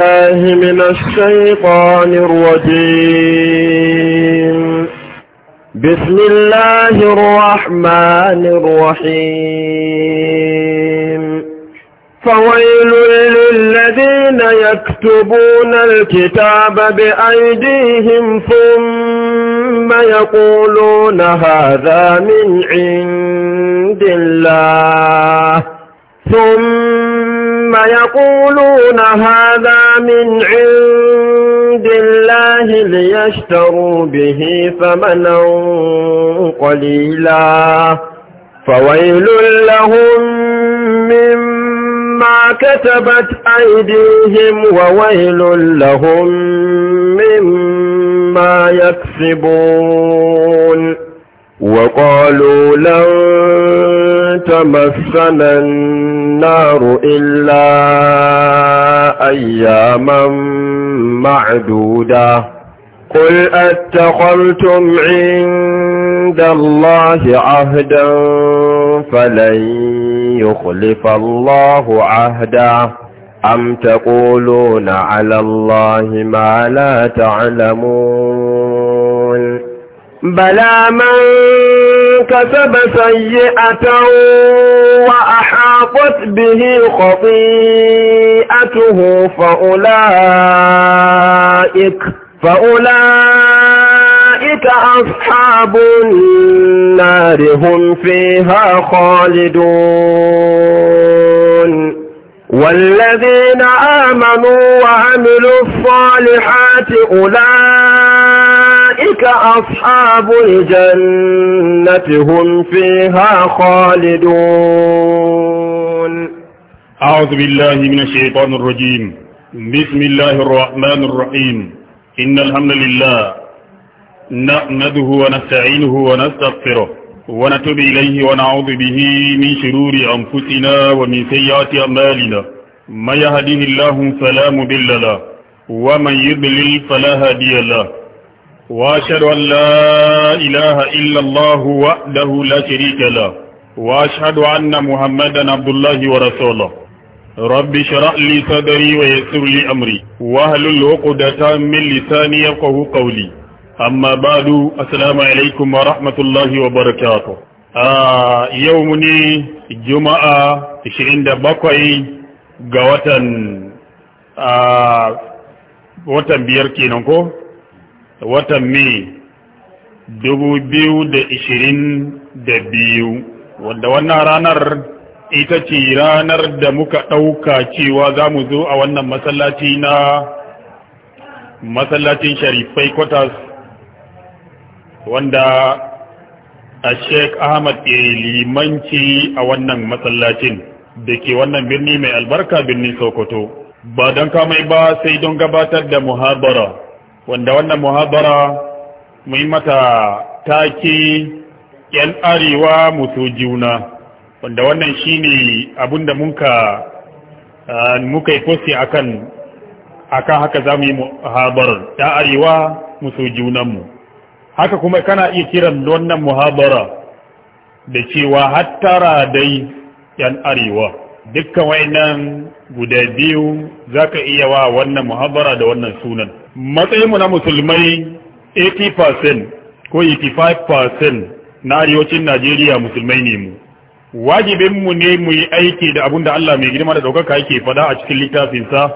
الله من الشيطان الرجيم بسم الله الرحمن الرحيم فويل للذين يكتبون الكتاب بأيديهم ثم يقولون هذا من عند الله ثم ثم يقولون هذا من عند الله ليشتروا به ثمنا قليلا فويل لهم مما كتبت أيديهم وويل لهم مما يكسبون وقالوا لن تمسنا النار إلا أياما معدودة قل أتخلتم عند الله عهدا فلن يخلف الله عهدا أم تقولون على الله ما لا تعلمون بلى من كسب سيئة وأحاطت به خطيئته فأولئك فأولئك أصحاب النار هم فيها خالدون والذين آمنوا وعملوا الصالحات أولئك أولئك أصحاب الجنة هم فيها خالدون أعوذ بالله من الشيطان الرجيم بسم الله الرحمن الرحيم إن الحمد لله نأمده ونستعينه ونستغفره ونتوب إليه ونعوذ به من شرور أنفسنا ومن سيئات أمالنا ما يهديه الله فلا مضل له ومن يضلل فلا هادي له وأشهد أن لا إله إلا الله وحده لا شريك له وأشهد أن محمدا عبد الله ورسوله رب شرح لي صدري ويسر لي أمري وأهل عقدة من لساني يفقه قولي أما بعد السلام عليكم ورحمة الله وبركاته آه يومني جمعة 27 ga watan a watan biyar kenan ko watan mai dubu biyu da ishirin da biyu wanda wannan ranar ita ce ranar da muka ɗauka cewa za mu zo a wannan masallaci na masallacin sharifai kwatas wanda a shek ahmad ke limanci a wannan masallacin da ke wannan birni mai albarka birnin sokoto ba don kamai ba sai don gabatar da muhabara wanda wannan muhabara mun mata take yan arewa muso juna wanda wannan shi shine abinda da muka yi fosi akan akan haka za mu yi muhabarar ta arewa muso mu. haka kuma kana iya kiran wannan muhabara da cewa hattara dai yan arewa dukkan nan. guda biyu za ka iya wa wannan muhabbara da wannan sunan matsayinmu na musulmai 80% ko 85% na arewacin Najeriya musulmai ne mu wajibinmu ne mu yi aiki da abin da Allah mai girma da ɗaukaka yake faɗa a cikin littafinsa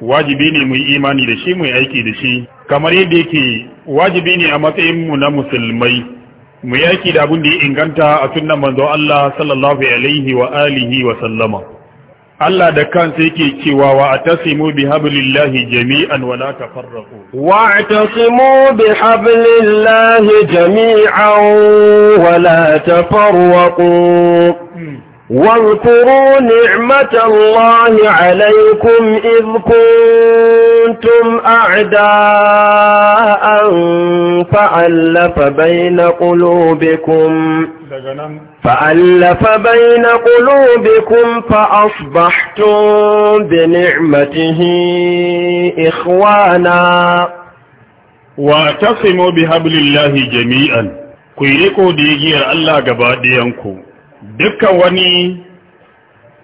wajibi ne mu yi imani da shi mu yi aiki da shi kamar yadda yake wajibi ne a matsayinmu na musulmai mu yi aiki da abin da ya inganta a sunan manzo Allah sallallahu alaihi wa alihi wa sallama Allah da kansa yake cewa wa atasimu bi hablillahi jami'an wa la tafarraqu wa atasimu bi hablillahi jami'an wa la tafarraqu واذكروا نعمة الله عليكم إذ كنتم أعداء فألف بين قلوبكم فألف بين قلوبكم فأصبحتم بنعمته إخوانا واعتصموا بحبل الله جميعا كيركوا ديجير الله قباديانكم dukkan wani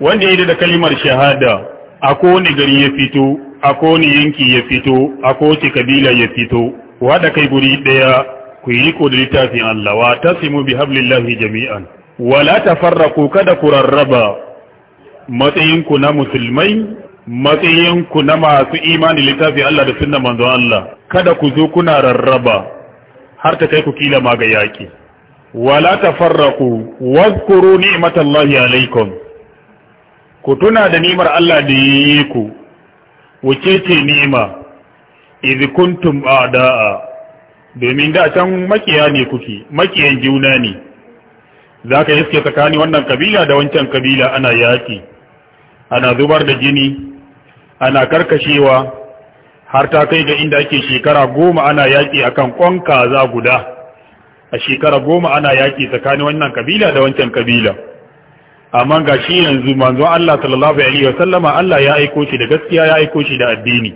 wanda ya da kalimar shahada a kowane gari ya fito a kowane yanki ya fito a kowace kabila ya fito wada kai guri daya ku yi riko da littafin Allah wa tasimu bi hablillahi jami'an wala tafarraqu kada ku rarraba matsayin ku na musulmai matsayin ku na masu imani littafin Allah da sunnan manzon Allah kada ku zo kuna rarraba har ta kai ku kila ma ga yaki wala tafarraqu wadhkuru ni'matallahi alaikum ku tuna da ni'mar Allah da yi ku wace ce ni'ima idh kuntum a'da'a domin da can makiya ne kuke makiyan juna ne zaka iske tsakani wannan kabila da wancan kabila ana yaki ana zubar da jini ana karkashewa har ta kai ga inda ake shekara goma ana yaƙi akan ƙwan kaza guda a shekara goma ana yaƙi tsakanin wannan kabila da wancan kabila amma ga shi yanzu manzo Allah sallallahu alaihi sallama Allah ya aiko shi da gaskiya ya aiko shi da addini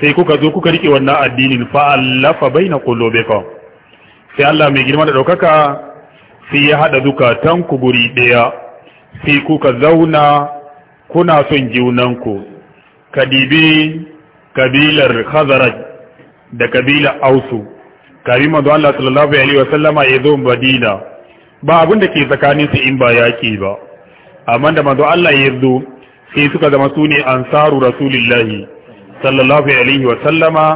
sai kuka zo kuka rike wannan addinin fa allafa baina qulubikum sai Allah mai girma da daukaka sai ya hada zukatan ku guri daya sai kuka zauna kuna son ku kadibi kabilar khazaraj da kabilar ausu kari manzo Allah sallallahu alaihi wasallama ya zo Madina ba abin da ke tsakanin su in ba yaki ba amma da manzo Allah ya zo sai suka zama sune ansaru rasulillahi sallallahu alaihi wasallama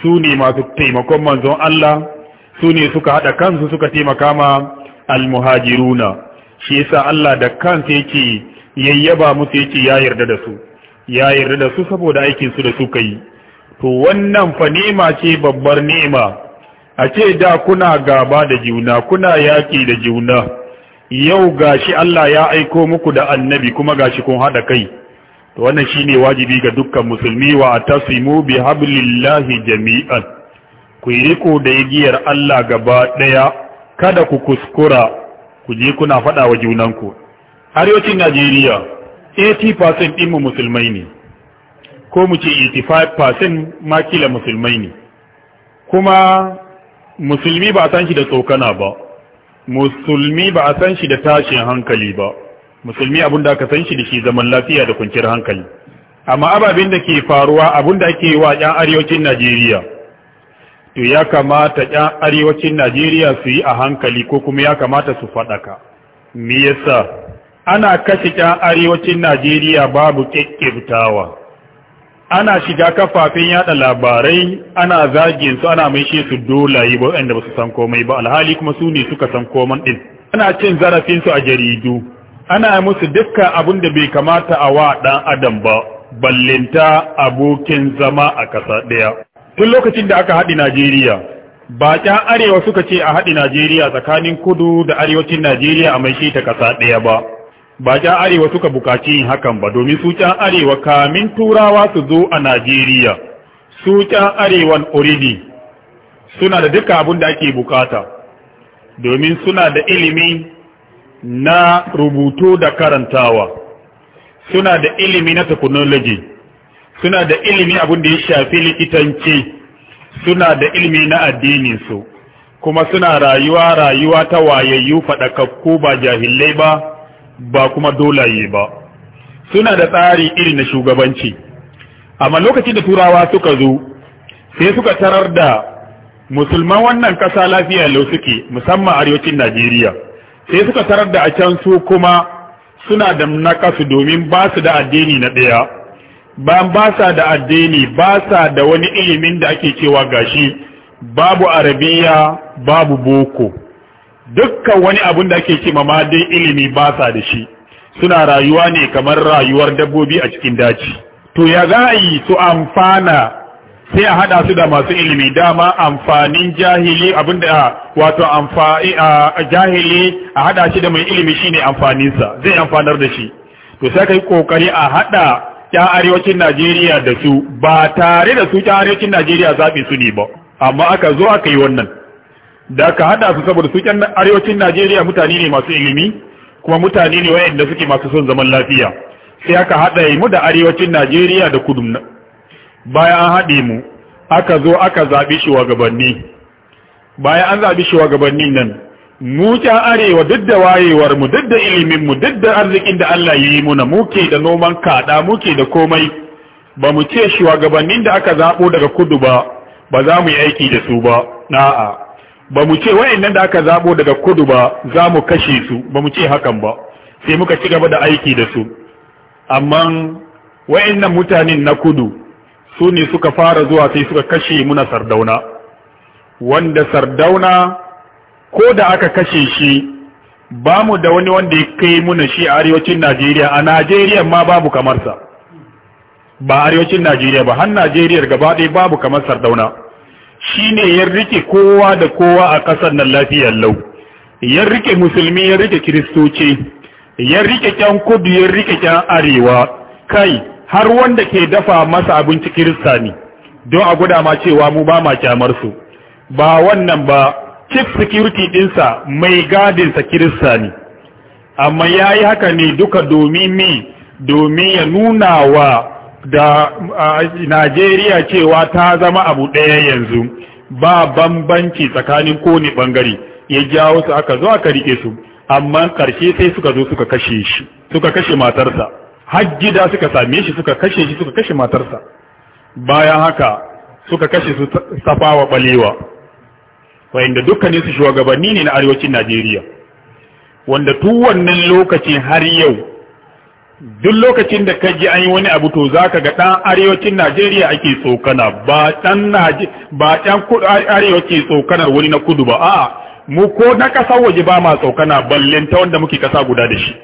su masu taimakon manzo Allah sune suka hada kansu suka taimaka ma almuhajiruna shi yasa Allah da kansa yake yayyaba musu yake ya yarda da su ya yarda da su saboda aikin su da suka yi to wannan fa nema ce babbar nema a ce da kuna gaba da juna kuna yaƙi da juna yau gashi Allah ya aiko muku da annabi kuma gashi kun haɗa kai to wannan shine wajibi ga dukkan musulmi wa atasimu bi hablillahi jami'an ku yi riko da igiyar Allah gaba ɗaya kada ku kuskura ku je kuna faɗa wa junanku arewacin Najeriya 80% ɗinmu musulmai ne ko mu ce 85% makila musulmai ne kuma musulmi ba a san shi da tsokana ba musulmi ba a san shi da tashin hankali ba musulmi abin da aka san shi da shi zaman lafiya da kwanciyar hankali amma ababen da ke faruwa abin da ake wa ƴan arewacin Najeriya to ya kamata ƴan arewacin Najeriya su yi a hankali ko kuma ya kamata su faɗaka me yasa ana kashe ƴan arewacin Najeriya babu kekkebtawa ana shiga kafafen yada labarai ana zagin su ana maishe su dolayi ba wanda ba su san komai ba alhali kuma su ne suka san koman din ana cin zarafin su a jaridu ana musu dukka abin da bai kamata a wa dan adam ba ballinta abokin zama a kasa daya tun lokacin da aka haɗi Najeriya bakin arewa suka ce a haɗi Najeriya tsakanin kudu da arewacin Najeriya a maishe ta kasa ɗaya ba ba ja arewa suka bukaci yin hakan ba domin su can arewa kamin turawa su zo a Najeriya su can arewan oridi suna da duka abin da ake bukata domin suna da ilimi na rubutu da karantawa suna da ilimi na technology suna da ilimi abin da ya shafi likitanci suna da ilimi na addininsu kuma suna rayuwa rayuwa ta wayayyu faɗakakku ba jahilai ba ba kuma dolaye ba suna da tsari iri na shugabanci amma lokacin da turawa suka zo sai suka tarar da musulman wannan ƙasa lafiya lau suke musamman arewacin najeriya sai suka tarar da a can su kuma suna da nakasu domin ba su da addini na ɗaya bayan ba sa da addini ba sa da wani ilimin da ake cewa gashi babu arabiya babu boko dukkan wani abun da ake ce ma madin ilimi ba sa da shi suna rayuwa ne kamar rayuwar dabbobi a cikin daji to ya za a yi su amfana sai a hada su da masu ilimi dama amfanin jahili abin da wato amfani a jahili a hada shi da mai ilimi shine amfaninsa zai amfanar da shi to sai kai kokari a hada ya arewacin Najeriya da su ba tare da su ta arewacin Najeriya zabi su ne ba amma aka zo aka yi wannan da aka hada su saboda su kyan arewacin Najeriya mutane ne masu ilimi kuma mutane ne wayanda suke masu son zaman lafiya sai aka hada mu da arewacin Najeriya da kudu bayan an hade mu aka zo aka zabi shugabanni bayan an zabi shugabannin nan mu ta arewa duk da wayewar mu duk da ilimin mu duk da arzikin da Allah ya yi mu na muke da noman kada muke da komai ba mu ce shugabannin da aka zaɓo daga kudu ba ba za mu yi aiki da su ba na'a ba mu ce wayannan da aka zabo daga kudu ba za mu kashe su ba mu ce hakan ba sai muka ci gaba da aiki da su amma wayannan mutanen na kudu su ne suka fara zuwa sai suka kashe muna sardauna wanda sardauna ko da aka kashe shi ba mu da wani wanda ya kai muna shi a arewacin najeriya a najeriya ma babu kamarsa ba arewacin najeriya ba har najeriya gaba ɗaya babu kamar sardauna Shi ne ya rike kowa da kowa a ƙasar nan lafiyar lau ya rike musulmi ya rike kiristoci ya rike kyan kudu ya rike kyan arewa kai har wanda ke dafa masa abinci kirista ne don a guda ma cewa mu ba ma kyamar su ba wannan ba chief security dinsa mai gadinsa kirista ne amma ya yi haka ne duka domin mi domin ya nuna wa da Najeriya cewa ta zama abu ɗaya yanzu ba bambanci tsakanin kone ɓangare ya jawo su aka zo aka rike su amma ƙarshe sai suka zo suka kashe shi suka kashe matarsa har gida suka same shi suka kashe shi suka kashe matarsa bayan haka suka kashe su safawa balewa wanda dukkanin su shugabanni ne na arewacin Najeriya wanda tun wannan lokacin har yau duk lokacin da ka ji an yi wani abu to za ka ga ɗan arewacin Najeriya ake tsokana ba ɗan ba arewa ke tsokanar wani na kudu ba a'a mu ko na ƙasar waje ba ma tsokana ballen ta wanda muke ƙasa guda da shi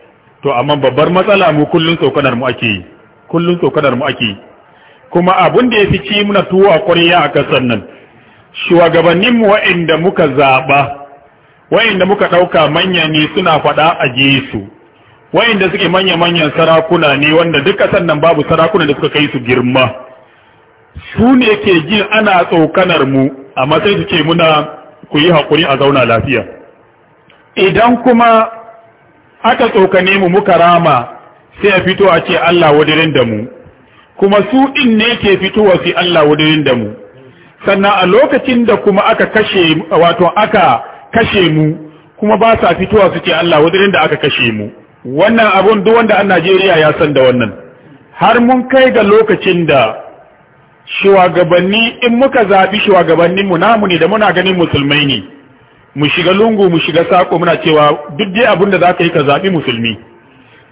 to amma babbar matsala mu kullun tsokanar mu ake yi kullun tsokanar mu ake kuma abun da ya fi ci muna tuwo a ƙwarya a ƙasar nan shugabannin mu wa'inda muka zaɓa wa'inda muka ɗauka manya ne suna faɗa a Jesu. wayanda suke manya-manyan sarakuna ne wanda duka sannan babu sarakuna da suka kai su girma su ne ke jin ana tsokanar mu a sai su ce muna ku yi haƙuri a zauna lafiya idan kuma aka tsokane mu muka rama sai a fito a ce Allah wadirin da mu kuma su din ne ke fitowa su Allah wadirin da mu sannan a lokacin da kuma aka kashe wato aka kashe mu kuma ba sa fitowa su ce Allah wadirin da aka kashe mu wannan abun duk wanda a Najeriya ya san da wannan har mun kai ga lokacin da shugabanni in muka zaɓi shugabannin mu namu ne da muna ganin musulmai ne mu shiga lungu mu shiga sako muna cewa duk dai abun da zaka yi ka zabi musulmi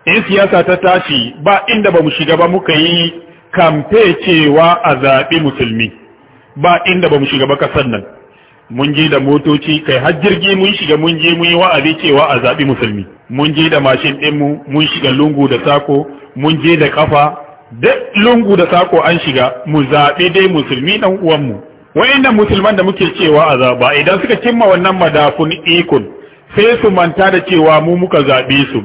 in siyasa ta tashi ba inda ba mu shiga ba muka yi kamfe cewa a zaɓi musulmi ba inda ba mu shiga ba kasan nan mun je da motoci kai har jirgi mun shiga mun je mun yi wa'azi cewa a zaɓi musulmi mun je da mashin ɗinmu mun shiga lungu da sako mun je da kafa duk lungu da sako an shiga mu zaɓe dai musulmi ɗan uwanmu wa'annan musulman da muke cewa a zaɓa idan suka cimma wannan madafun ikon sai su manta da cewa mu muka zaɓe su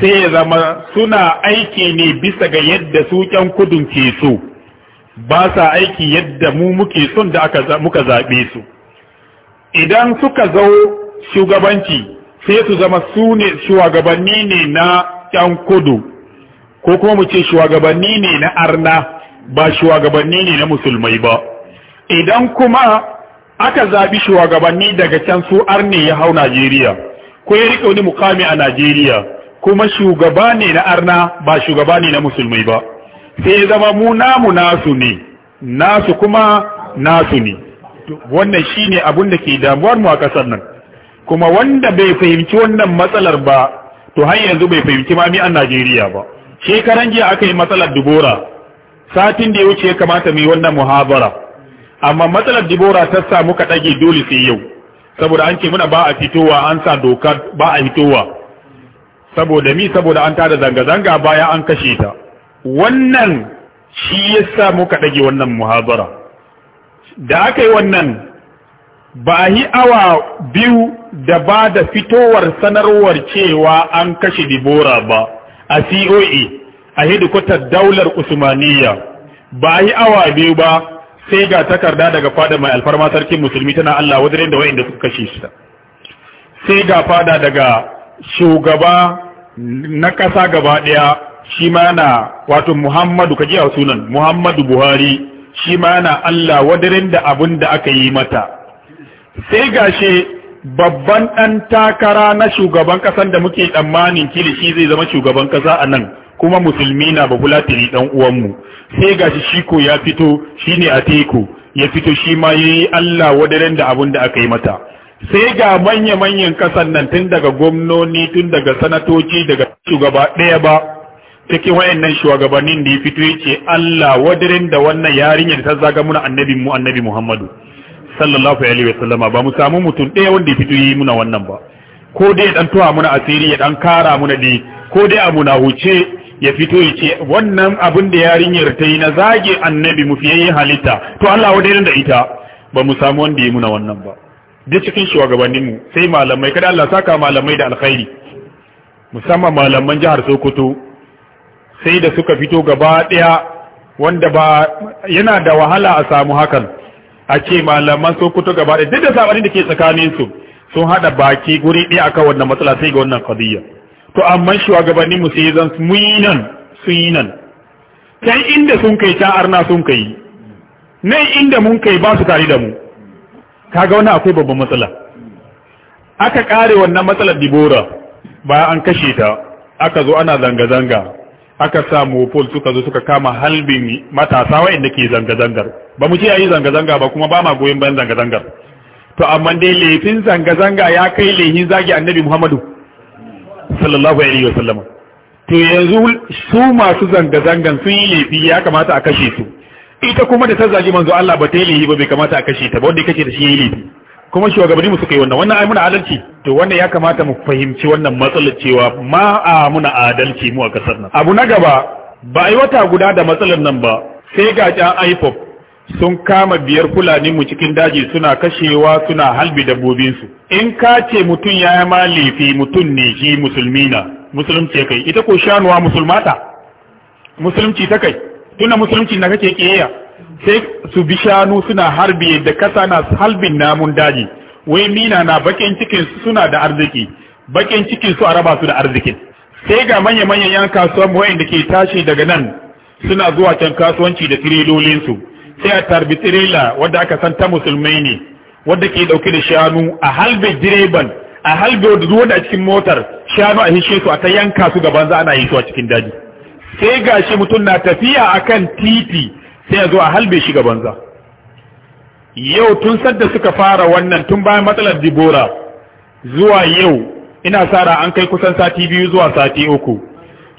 sai ya zama suna aiki ne bisa ga yadda su yan kudun ke so ba sa aiki yadda mu muke son da aka muka zaɓe su idan suka zo shugabanci sai su zama su ne shugabanni ne na ƴan kudu ko kuma mu ce shugabanni ne na arna ba shugabanni ne na musulmai ba idan kuma aka zabi shugabanni daga can su arne ya hau Najeriya ko ya rike wani mukami a Najeriya kuma shugaba ne na arna ba shugaba ne na musulmai ba sai ya zama mu namu nasu ne nasu kuma nasu ne wannan shine abun da ke damuwar mu a kasar nan kuma wanda bai fahimci wannan matsalar ba to har yanzu bai fahimci mami an Najeriya ba shekaran jiya aka yi matsalar dubora satin da ya wuce ya kamata mu yi wannan muhabara amma matsalar dubora ta sa muka ɗage dole sai yau saboda an ce muna ba a fitowa an sa doka ba a fitowa saboda mi saboda an tada zanga-zanga baya an kashe ta wannan shi yasa muka ɗage wannan muhabara da aka yi wannan ba yi awa biyu da ba da fitowar sanarwar cewa an kashe dibora ba a coe a hidikotar daular usmaniya ba yi awa biyu ba sai ga takarda daga fada mai alfarma sarkin musulmi tana allah wajen da wa'inda suka kashe shi sai ga fada daga shugaba na ƙasa gaba ɗaya shi ma yana wato muhammadu kaji sunan muhammadu buhari shi ma na Allah wadarin da abin da aka yi mata sai gashe babban ɗan takara na shugaban ƙasan da muke tsammanin kilishi zai zama shugaban ƙasa a nan kuma musulmi na babulatiri ɗan uwanmu sai gashi shi ko ya fito shi ne a teku ya fito shi ma yi Allah wadarin da abin da aka yi mata sai ga manya-manyan ƙasan nan tun daga gwamnoni tun daga sanatoci daga shugaba ɗaya ba cikin wayannan shugabannin da ya fito yace Allah wadirin da wannan yarinyar ta zaga muna annabi mu annabi Muhammadu sallallahu alaihi wa sallama ba mu samu mutum ɗaya wanda ya fito yi muna wannan ba ko dai dan tuwa muna asiri ya dan kara muna dai ko dai abu na huce ya fito ya ce wannan abin da yarinyar ta yi na zage annabi mu fiye halitta to Allah wadirin da ita ba mu samu wanda ya muna wannan ba duk cikin shugabannin mu sai malamai kada Allah saka malamai da alkhairi musamman malaman jihar Sokoto sai da suka fito gaba ɗaya wanda ba yana da wahala a samu hakan a ce malaman sun fito gaba ɗaya duk da sabanin da ke tsakanin su sun hada baki guri ɗaya akan wannan matsala sai ga wannan qadiyya to amma shugabannin mu sai zan mun yi nan sun yi nan sai inda sun kai ta arna sun kai nan inda mun kai ba su tare da mu kaga wannan akwai babban matsala aka kare wannan matsalar dibora bayan an kashe ta aka zo ana zanga-zanga aka sa mopol suka zo suka kama halbin matasa wa inda ke zanga-zangar ba mu ce a yi zanga-zanga ba kuma ba ma goyon bayan zanga-zangar to amma dai laifin zanga-zanga ya kai laifin zagi annabi muhammadu sallallahu alaihi wa sallam to yanzu su masu zanga-zangan sun yi laifi ya kamata a kashe su ita kuma da ta zagi manzo Allah ba ta yi laifi ba bai kamata a kashe ta ba wanda ya da shi ya yi laifi kuma shugabanni mu suka yi wannan wannan ai muna adalci to wannan ya kamata mu fahimci wannan matsalar cewa ma a muna adalci mu a kasar nan abu na gaba ba ai wata guda da matsalar nan ba sai ga ƴan IPOP sun kama biyar fulani mu cikin daji suna kashewa suna halbi dabbobin su in ka ce mutum ya yi malifi mutum ne shi musulmi na musulunci kai ita ko shanuwa musulmata musulunci ta kai tunda musulunci na kake kiyaya sai su bi shanu suna harbi da kasa na halbin namun daji wai mina na bakin cikin suna da arziki bakin cikin su a raba su da arzikin sai ga manya manyan yan kasuwan wayan da ke tashi daga nan suna zuwa can kasuwanci da tirelolin su sai a tarbi tirela wadda aka san ta musulmai ne wadda ke ɗauke da shanu a halbe direban a halbe wadda a cikin motar shanu a hishe su a ta yanka su gaban za ana yi su a cikin daji sai gashi mutum na tafiya akan titi sai a zo a halbe shi ga banza yau tun sadda suka fara wannan tun bayan matsalar dibora zuwa yau ina sara an kai kusan sati biyu zuwa sati uku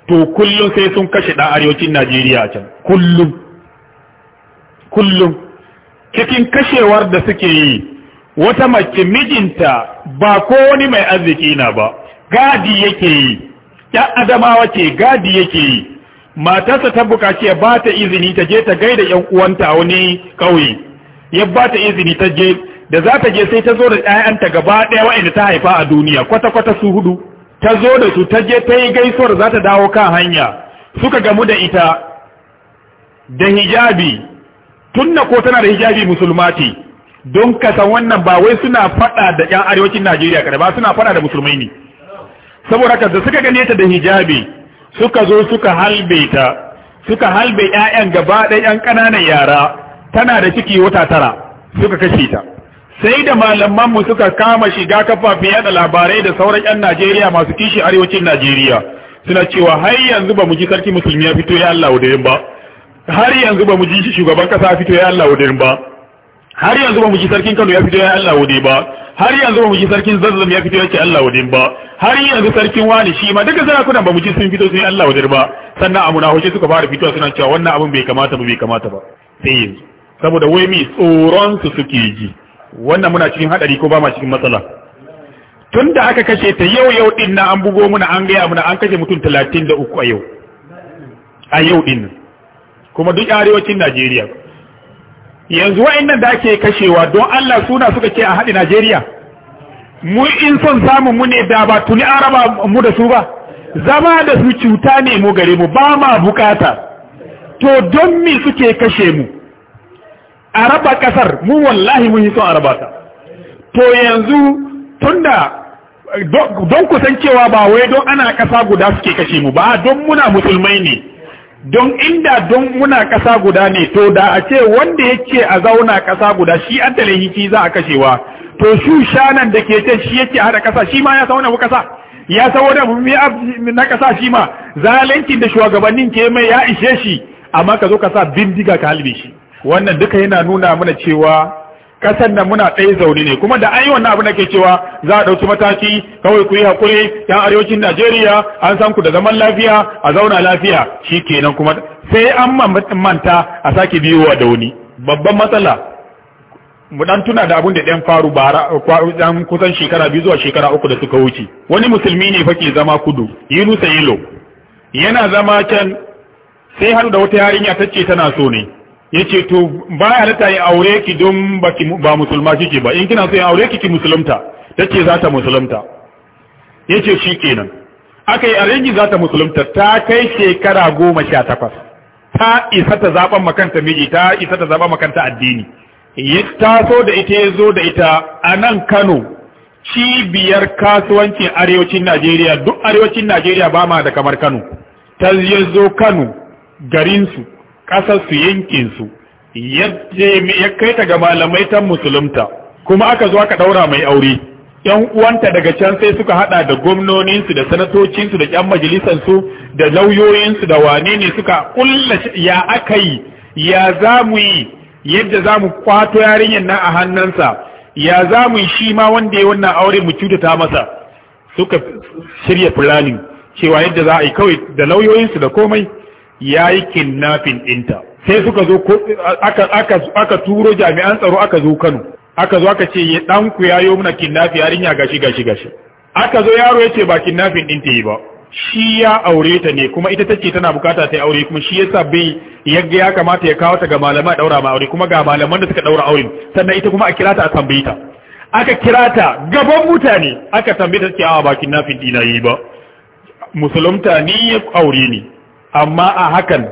to kullum sai sun kashe ɗan arewacin najeriya a can kullum kullum cikin kashewar da suke yi wata mace mijinta ba ko wani mai arziki na ba gadi yake yi ya adamawa ce gadi yake yi matarsa ta bukaci ya bata izini ta je ta gaida yan uwanta a wani kauye ya bata izini ta je da za ta je sai ta zo da ƴaƴanta gaba ɗaya waɗanda ta haifa a duniya kwata kwata su hudu ta zo da su ta je ta yi gaisuwar za ta dawo kan hanya suka gamu da ita da hijabi tunna ko tana da hijabi musulmati don kasan wannan ba wai suna faɗa da ƴan arewacin Najeriya kada ba suna faɗa da musulmai ne saboda haka da suka gane ta da hijabi suka zo suka halbe ta suka halbe ƴaƴan gaba da ƴan ƙananan yara tana da ciki wata tara suka kashe ta sai da malaman mu suka kama shiga kafafen yada labarai da sauran ƴan Najeriya masu kishi arewacin Najeriya suna cewa har yanzu ba mu ji sarki musulmi ya fito ya Allah wudirin ba har yanzu ba mu ji shugaban kasa fito ya Allah wudirin ba har yanzu ba mu ji sarkin Kano ya fito ya Allah wade ba har yanzu ba mu ji sarkin Zazzam ya fito ya ce Allah wade ba har yanzu sarkin Wani shi ma duka sarakunan ba mu ji sun fito sun yi Allah wade ba sannan amuna hoje suka fara fito suna cewa wannan abin bai kamata ba bai kamata ba sai yanzu saboda wai mi tsoron su suke ji wannan muna cikin hadari ko ba ma cikin matsala tun da aka kashe ta yau yau din na an bugo muna an gaya muna an kashe mutum 33 a yau a yau din kuma duk arewacin Najeriya yanzu wa'annan da ake kashewa don Allah suna suka ce a haɗi Najeriya mu in son samun mu ne da ba tuni araba mu da su ba zama da su cuta ne mu gare mu ba ma bukata to don me suke kashe mu a kasar mu wallahi mun yi son a ta to yanzu tunda don kusancewa ba wai don ana kasa guda suke kashe mu ba don muna musulmai ne don inda don muna ƙasa guda ne to da a ce wanda ya ce a zauna ƙasa guda shi an talihici za a kashewa to shu shanan da ke ce shi yake haɗa ƙasa shi ma ya sauna bu ƙasa ya wani abu na ƙasa shi ma zalincin da shugabannin ke mai ya ishe shi amma ka zo ka sa bindiga ka halbe shi wannan duka yana nuna mana cewa kasan nan muna ɗaya zaune ne kuma da an yi wannan abin da ke cewa za a ɗauki mataki kawai ku yi haƙuri yan arewacin najeriya an san ku da zaman lafiya a zauna lafiya shi kenan kuma sai an manta a sake biyowa da wani babban matsala mu dan tuna da abin da ɗan faru bara dan kusan shekara biyu zuwa shekara uku da suka wuce wani musulmi ne fa ke zama kudu yunusa yilo yana zama can sai har da wata yarinya ta ce tana so ne yace to ba ya halitta ya aure ki don ba musulma kike ba in kina so ya aure ki ki musulunta tace za ta musulunta yace shikenan aka yi arenji za ta musulunta ta kai shekara goma sha takwas ta isa ta zaɓan makanta miji ta isa ta zaɓan makanta addini ta so da ita ya zo da ita a nan kano cibiyar kasuwancin arewacin najeriya duk arewacin najeriya ba ma da kamar kano ta zo kano garinsu ƙasar su yankin su ya kai ta ga malamai ta musulunta kuma aka zo aka ɗaura mai aure yan uwanta daga can sai suka haɗa da gwamnoninsu da sanatocinsu da yan majalisansu da lauyoyinsu da wane ne suka kulla ya aka yi ya za mu yi yadda za mu kwato yarinyar nan a hannunsa ya za mu yi shi ma wanda ya wannan aure mu cutata masa suka shirya fulani. cewa yadda za a yi kawai da lauyoyinsu da komai ya yi kidnapping ɗinta sai suka zo aka turo jami'an tsaro aka zo kano aka zo aka ce ɗanku ya yi muna kidnapping yarinya gashi gashi gashi aka zo yaro ya ce ba kidnapping ɗinta yi ba shi ya aure ta ne kuma ita tace tana bukata ta yi aure kuma shi sa bai yadda ya kamata ya kawo ta ga malama daura ma aure kuma ga malaman da suka daura auren sannan ita kuma a kira ta a tambayi ta aka kira ta gaban mutane aka tambayi ta ce a ba nafin ɗina yi ba musulunta ni ya aure ni. amma a hakan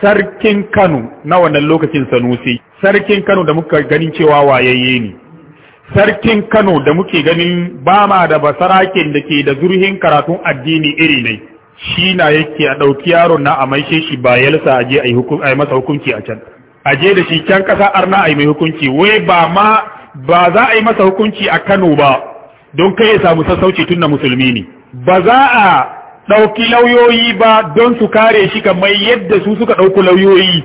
sarkin Kano na wannan lokacin Sanusi sarkin Kano da muka ganin cewa wayayye ne sarkin Kano da muke ganin ba ma da basarakin da ke da zurhin karatun addini iri ne shi na yake a ɗauki yaron na a maishe shi ba yalsa a je a yi masa hukunci a can a da shi can ƙasa arna a yi mai hukunci wai ba ma ba za a yi masa hukunci a Kano ba don kai ya samu sassauci tun na musulmi ne ba za a ɗauki lauyoyi ba don su kare shi kamar yadda su suka ɗauki lauyoyi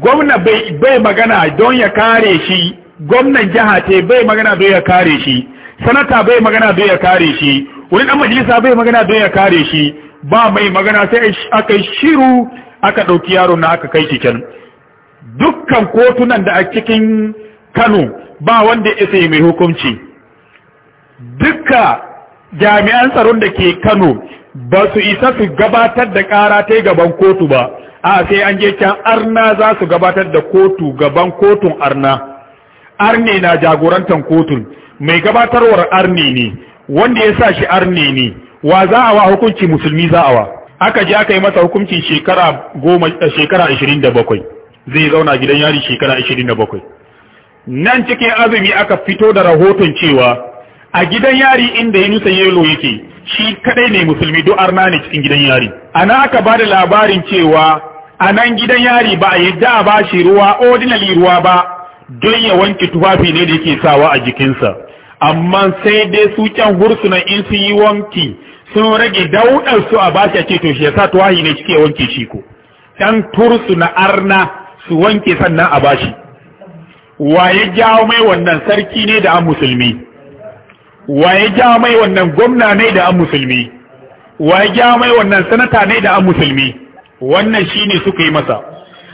gwamna bai magana don ya kare shi gwamnan jiha ce bai magana don ya kare shi sanata bai magana don ya kare shi wani ɗan majalisa bai magana don ya kare shi ba mai magana sai aka shiru aka ɗauki yaro na aka kai shi can dukkan kotunan da a cikin kano ba wanda ya mai hukunci dukka jami'an tsaron da ke kano ba su isa su gabatar da ƙara ta gaban kotu ba a sai an je can arna za su gabatar da kotu gaban kotun arna arne na jagorantar kotun mai gabatarwar arne ne wanda ya sa shi arne ne wa za a wa hukunci musulmi za a wa aka je aka yi masa hukunci shekara goma shekara ashirin da bakwai zai zauna gidan yari shekara ashirin da bakwai nan cikin azumi aka fito da rahoton cewa a gidan yari inda ya nusa yelo yake shi kadai ne musulmi duk arna ne cikin gidan yari ana aka bada labarin cewa a nan gidan yari ba a yadda a bashi ruwa ordinary ruwa ba don ya wanke tufafi ne da yake sawa a jikinsa amma sai dai su can hursunan in su yi wanki sun rage daudar su a bashi a ce to shi sa tuwahi ne cike wanke shi ko tursu na arna su wanke sannan a bashi wa ya jawo mai wannan sarki ne da an musulmi ya ja mai wannan gwamna ne da an musulmi ya ja mai wannan sanata ne da an musulmi wannan shine suka yi masa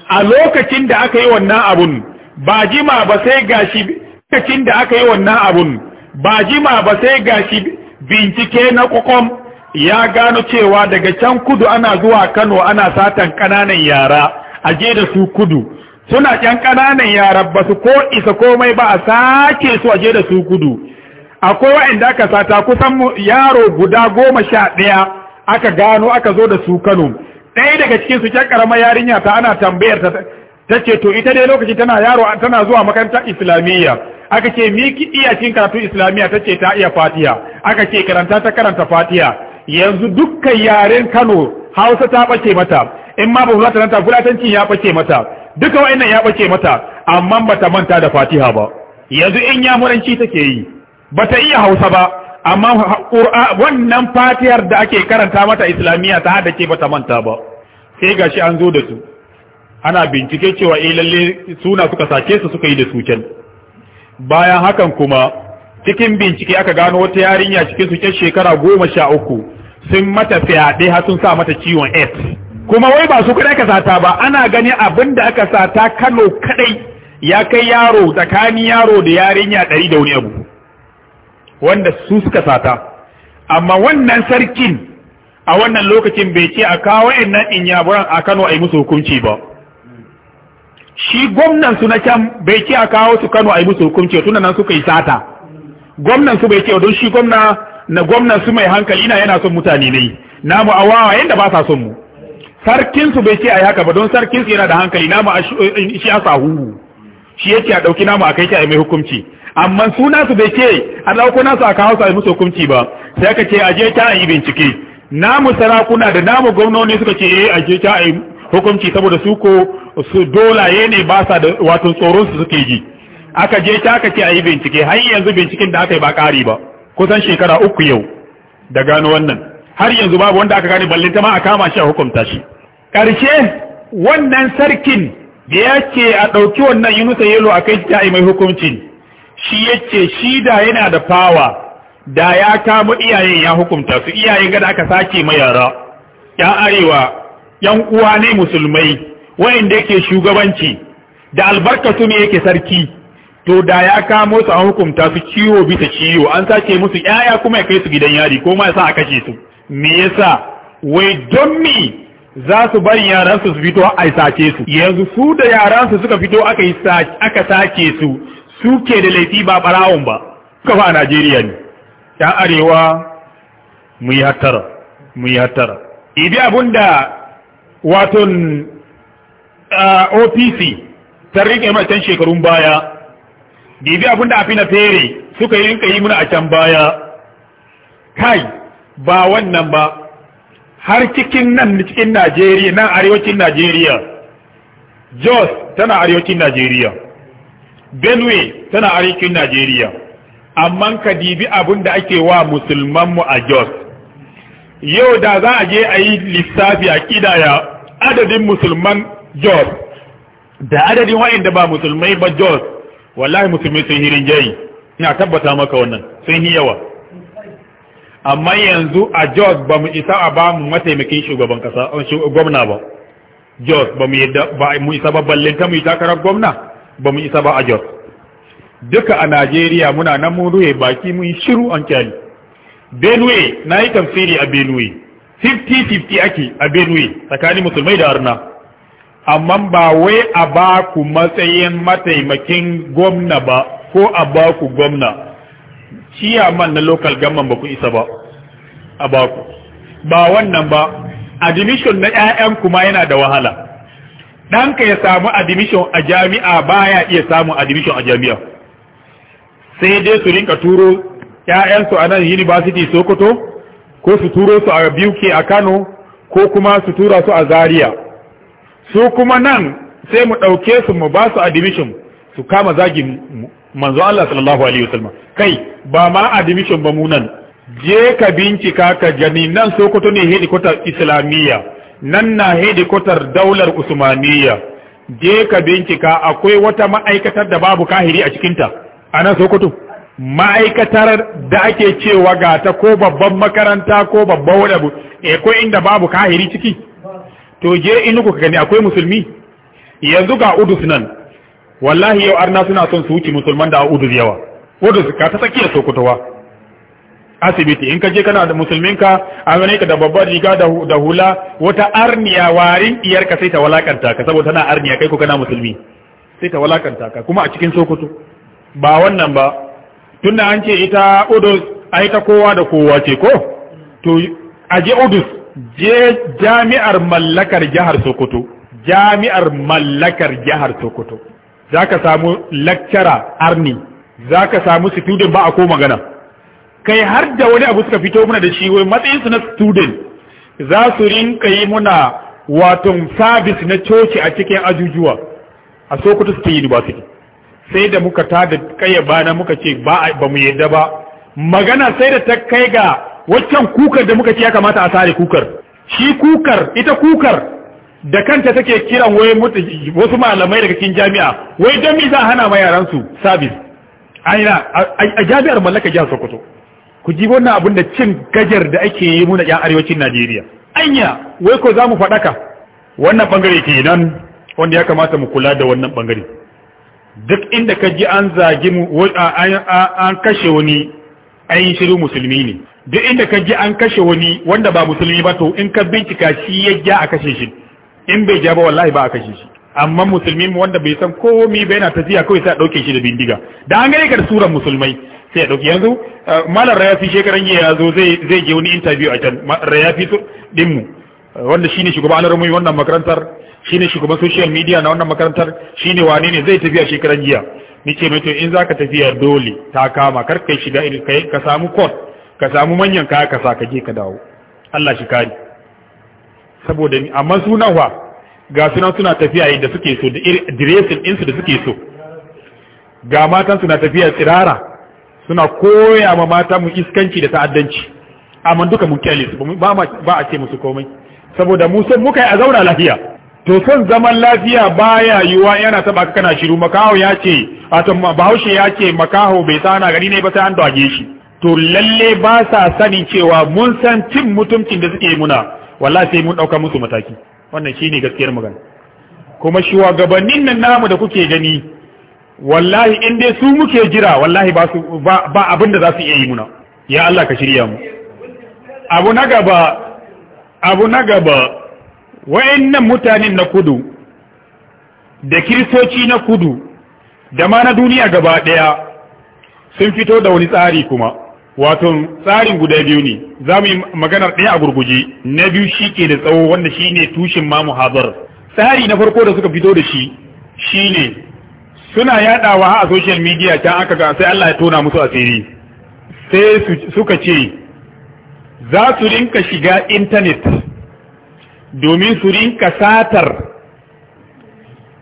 a lokacin da aka yi wannan abun ba jima ba sai gashi lokacin da aka yi wannan abun ba jima ba sai gashi bincike na kokom ya gano cewa daga can kudu ana zuwa Kano ana satan kananan yara aje da su kudu suna can kananan yara ba su ko isa komai ba a sake su aje da su kudu akwai wa'anda aka sata kusan yaro guda goma sha ɗaya aka gano aka zo da su Kano ɗaya daga cikin su kyan karamar yarinya ta ana tambayar ta ce to ita dai lokaci tana yaro tana zuwa makarantar islamiyya aka ce mi ki iya cin karatu islamiyya ta ce ta iya Fatiya. aka ce karanta ta karanta Fatiya. yanzu dukkan yaren Kano Hausa ta ɓace mata in ma ba fulata ta fulatanci ya bace mata duka wa'annan ya bace mata amma bata manta da fatiha ba yanzu in yamuranci take yi bata iya hausa ba amma wannan fatiyar da ake karanta mata islamiyya ta hada ke bata manta ba sai shi an zo da su ana bincike cewa eh lalle suna suka sace su suka yi da su can bayan hakan kuma cikin bincike aka gano wata yarinya cikin su shekara goma sha uku sun mata fyaɗe har sun sa mata ciwon aids kuma wai ba su kadai aka sata ba ana gani abin da aka sata kano kaɗai ya kai yaro tsakanin yaro da yarinya ɗari da wani abu wanda su suka sata amma wannan sarkin a wannan lokacin bai ce a kawo nan inyamuran a Kano a yi musu hukunci ba shi gwamnan su na can bai ce a kawo su Kano a yi musu hukunci tunda nan suka yi sata gwamnan su bai ce don shi gwamna na gwamnan su mai hankali ina yana son mutane ne Na mu awawa yanda ba sa son mu sarkin su bai ce a yi haka ba don sarkin su yana da hankali namu eh, shi a sahu shi yake a dauki namu a kai shi a mai hukunci amma su nasu bai ce a dauko nasu aka hausa musu hukunci ba sai aka ce aje ta yi bincike namu sarakuna da namu gwamnoni suka ce eh aje ta yi hukunci saboda su ko su dolaye ne ba sa da wato tsoron su suke ji aka je ta aka ce a yi bincike har yanzu binciken da aka yi ba ƙari ba kusan shekara uku yau da gano wannan har yanzu babu wanda aka gane ballinta ma a kama shi a hukunta shi ƙarshe wannan sarkin da ya ce a ɗauki wannan yunusa yelo a kai ta mai hukuncin shi yace shi da yana da fawa da ya kamo iyayen ya hukunta su iyayen gada aka sake mai yara ya arewa yan uwa ne musulmai wayanda yake shugabanci da albarkatu ne yake sarki to da ya kamo su an hukunta su ciwo bisa ciwo an sace musu yaya kuma ya kai su gidan yari ko ma yasa a kashe su me yasa wai don me za su bari yaran su su fito a sace su yanzu su da yaran su suka fito aka aka sace su suke da laifi ba barawon ba kafa a Najeriya ne Ya arewa mu yi hattara mu yi hattara abun abinda waton uh, OPC tarin rike macen shekarun baya dibi abinda afina fere suka yi rinka yi muna a can baya kai ba wannan ba har cikin nan cikin Najeriya nan arewacin Najeriya Jos tana arewacin Najeriya benue tana arikin najeriya amma ka dibi abin da ake wa musulmanmu a jos yau da za a je a yi lissafi a kidaya adadin musulman jos da adadin da ba musulmai ba jos wallahi musulmi sun hirin jayi ina tabbata maka wannan sun yi yawa amma yanzu a jos ba mu isa a ba mu mataimakin shugaban kasa gwamna ba jos ba mu isa babban linta mu yi takarar gwamna ba mu isa ba a jos duka a najeriya muna nan mu baki mun shiru an kyali benue na yi tafsiri a benue 50-50 ake a benue tsakanin musulmai da arna amma ba wai a ba ku matsayin mataimakin gwamna ba ko a ba ku gwamna ciyaman na local government ba ku isa ba a ba ku ba wannan ba admission na 'ya'yanku ma yana da wahala ɗanka ya samu admission a jami'a baya iya samu admission a jami'a sai dai su rinka turo ƴaƴansu a nan university sokoto ko su turo su a BUK a kano ko kuma su tura su a zaria su kuma nan sai mu ɗauke su mu ba su admission su kama zagin manzo Allah sallallahu alaihi wasallam kai ba ma admission ba mu nan je ka bincika ka gani nan sokoto ne hedikwata islamiyya nan na hedikotar daular usmaniya je ka bincika akwai wata ma'aikatar da babu kahiri a cikinta a nan sokoto ma'aikatar da ake cewa ga ta ko babban makaranta ko babban wani abu eh, akwai inda babu kahiri ciki to je inuku ka gani akwai musulmi yanzu ga udus nan wallahi yau arna suna son su wuce musulman da a udus yawa udus ka ta tsakiyar sokotowa asibiti in ka je kana da ka an gane ka da babbar riga da hula wata arniya warin iyarka sai ta walakanta ka saboda tana arniya kai ko kana musulmi sai ta walakanta ka kuma a cikin sokoto ba wannan ba tunda an ce ita udus ai ta kowa da kowa ce ko to a je udus je jami'ar mallakar jihar sokoto jami'ar mallakar jihar sokoto zaka samu lakcara arni zaka samu student ba a ko magana kai har da wani abu suka fito muna da shi wai matsayin su na student za su rinka yi muna wato service na coci a cikin ajujuwa a Sokoto yi University sai da muka tada kaya bana muka ce ba ba mu yadda ba magana sai da ta kai ga waccan kukar da muka ce ya kamata a sare kukar shi kukar ita kukar da kanta take kiran wai wasu malamai daga cikin jami'a wai dan me za hana ma yaran su service a jami'ar mallaka jihar Sokoto ku ji wannan abin da cin gajar da ake yi muna yan arewacin Najeriya anya wai ko zamu faɗaka wannan bangare kenan wanda ya kamata mu kula da wannan bangare duk inda ka ji an zagi mu an kashe wani ayin shiru musulmi ne duk inda ka ji an kashe wani wanda ba musulmi ba to in ka bincika shi ya ja a kashe shi in bai ja ba wallahi ba a kashe shi amma musulmi wanda bai san komai ba yana tafiya kawai sai a dauke shi da bindiga da an gane ka da suran musulmai sai ya dauki yanzu eh, malar rayafi shekaran jiya ya zo zai je wani interview a can rayafi din mu eh, wanda shine shugaban alarmu wannan makarantar shine shugaban social media na wannan makarantar shine wane ne zai tafiya shekaran jiya Ni ce mai to in zaka tafiya dole ta kama kar kai shiga irin kai ka samu court ka samu manyan kaya ka sa ka je ka dawo Allah shi kare saboda ni amma sunan wa ga sunan suna tafiya yadda suke so da iri dressing din su da suke so ga matan suna tafiya tsirara suna koya ma mata mu iskanci da ta'addanci amma duka mun kyale su ba a ce musu komai saboda mu san muka yi a zauna lafiya to son zaman lafiya baya yiwa yana taba kana shiru makaho ya ce wato bahaushe ya ce makaho bai sana gari ne ba sai an dage shi to lalle ba sa sanin cewa mun san cin mutuncin da suke muna wallahi sai mun dauka musu mataki wannan shine gaskiyar magana kuma gabanin nan namu da kuke gani wallahi in dai su muke jira wallahi ba su ba abin da za su iya yi muna ya Allah ka shirya mu abu na gaba abu na gaba wayannan mutanen na kudu da kiristoci na kudu da ma na duniya gaba daya sun fito da wani tsari kuma wato tsarin guda biyu ne za mu yi maganar ɗaya a gurguje na biyu shi ke da tsawo wanda shi ne tushen mamu muhazar tsari na farko da suka fito da shi shi ne suna yadawa a social media can aka ga sai Allah ya tona musu asiri sai suka ce za su rinka shiga internet domin su rinka satar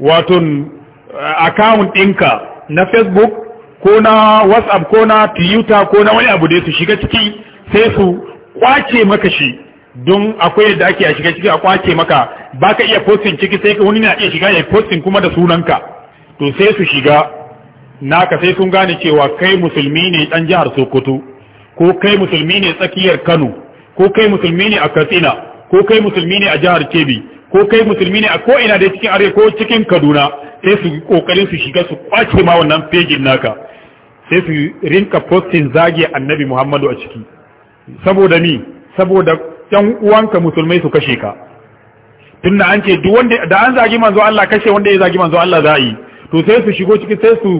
wato eh, account ɗinka na facebook ko na whatsapp ko na twitter ko na wani abu da su shiga ciki sai su kwace maka shi don akwai yadda ake a shiga ciki a kwace maka baka iya posting ciki sai ka wani na iya shiga ya posting kuma da sunanka to sai su shiga naka sai sun gane cewa kai musulmi ne dan jihar Sokoto ko kai musulmi ne tsakiyar Kano ko kai musulmi ne a Katsina ko kai musulmi ne a jihar Kebbi ko kai musulmi ne a ko ina da cikin are ko cikin Kaduna sai su kokarin su shiga su kwace ma wannan pejin naka sai su rinka postin zage Annabi Muhammadu a ciki saboda ni saboda yan uwanka musulmai su kashe ka tunda an ce duk wanda da an zagi manzo Allah kashe wanda ya zagi manzo Allah za yi to sai su shigo ciki sai su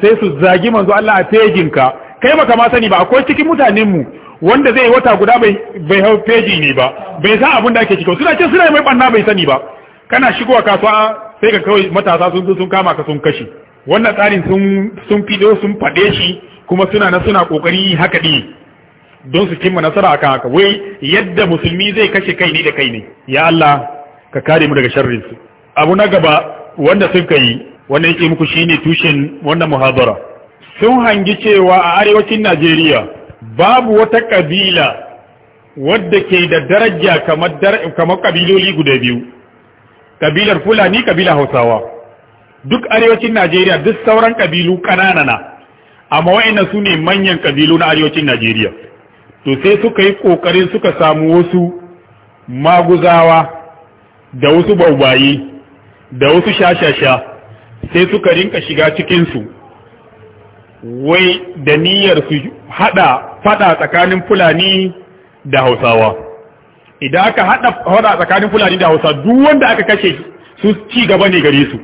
sai su zagi manzo Allah a ka. kai baka ma sani ba akwai cikin mutanen mu wanda zai wata guda bai bai hau peji ne ba bai san abin da ake ciki suna ce suna mai banna bai sani ba kana shigowa kasuwa sai ka kawai matasa sun sun kama ka sun kashe wannan tsarin sun sun fido sun fade shi kuma suna na suna kokari haka ne don su cimma nasara akan haka wai yadda musulmi zai kashe kai ne da kai ne ya Allah ka kare mu daga sharrin su abu na gaba wanda suka yi wanda yake muku shine tushen wannan muhadara sun hangi cewa a arewacin Najeriya babu wata kabila wadda ke da daraja kamar kamar kabiloli guda biyu kabilar Fulani kabila Hausawa duk arewacin Najeriya duk sauran kabilu kanana amma wa'annan su ne manyan kabilu na arewacin Najeriya to sai suka yi kokarin suka samu wasu maguzawa da wasu baubayi da wasu shashasha sai suka rinka shiga cikinsu wai da niyyar su hada fada tsakanin fulani da hausawa idan aka hada fada tsakanin fulani da hausa duk wanda aka kashe su ci gaba ne gare su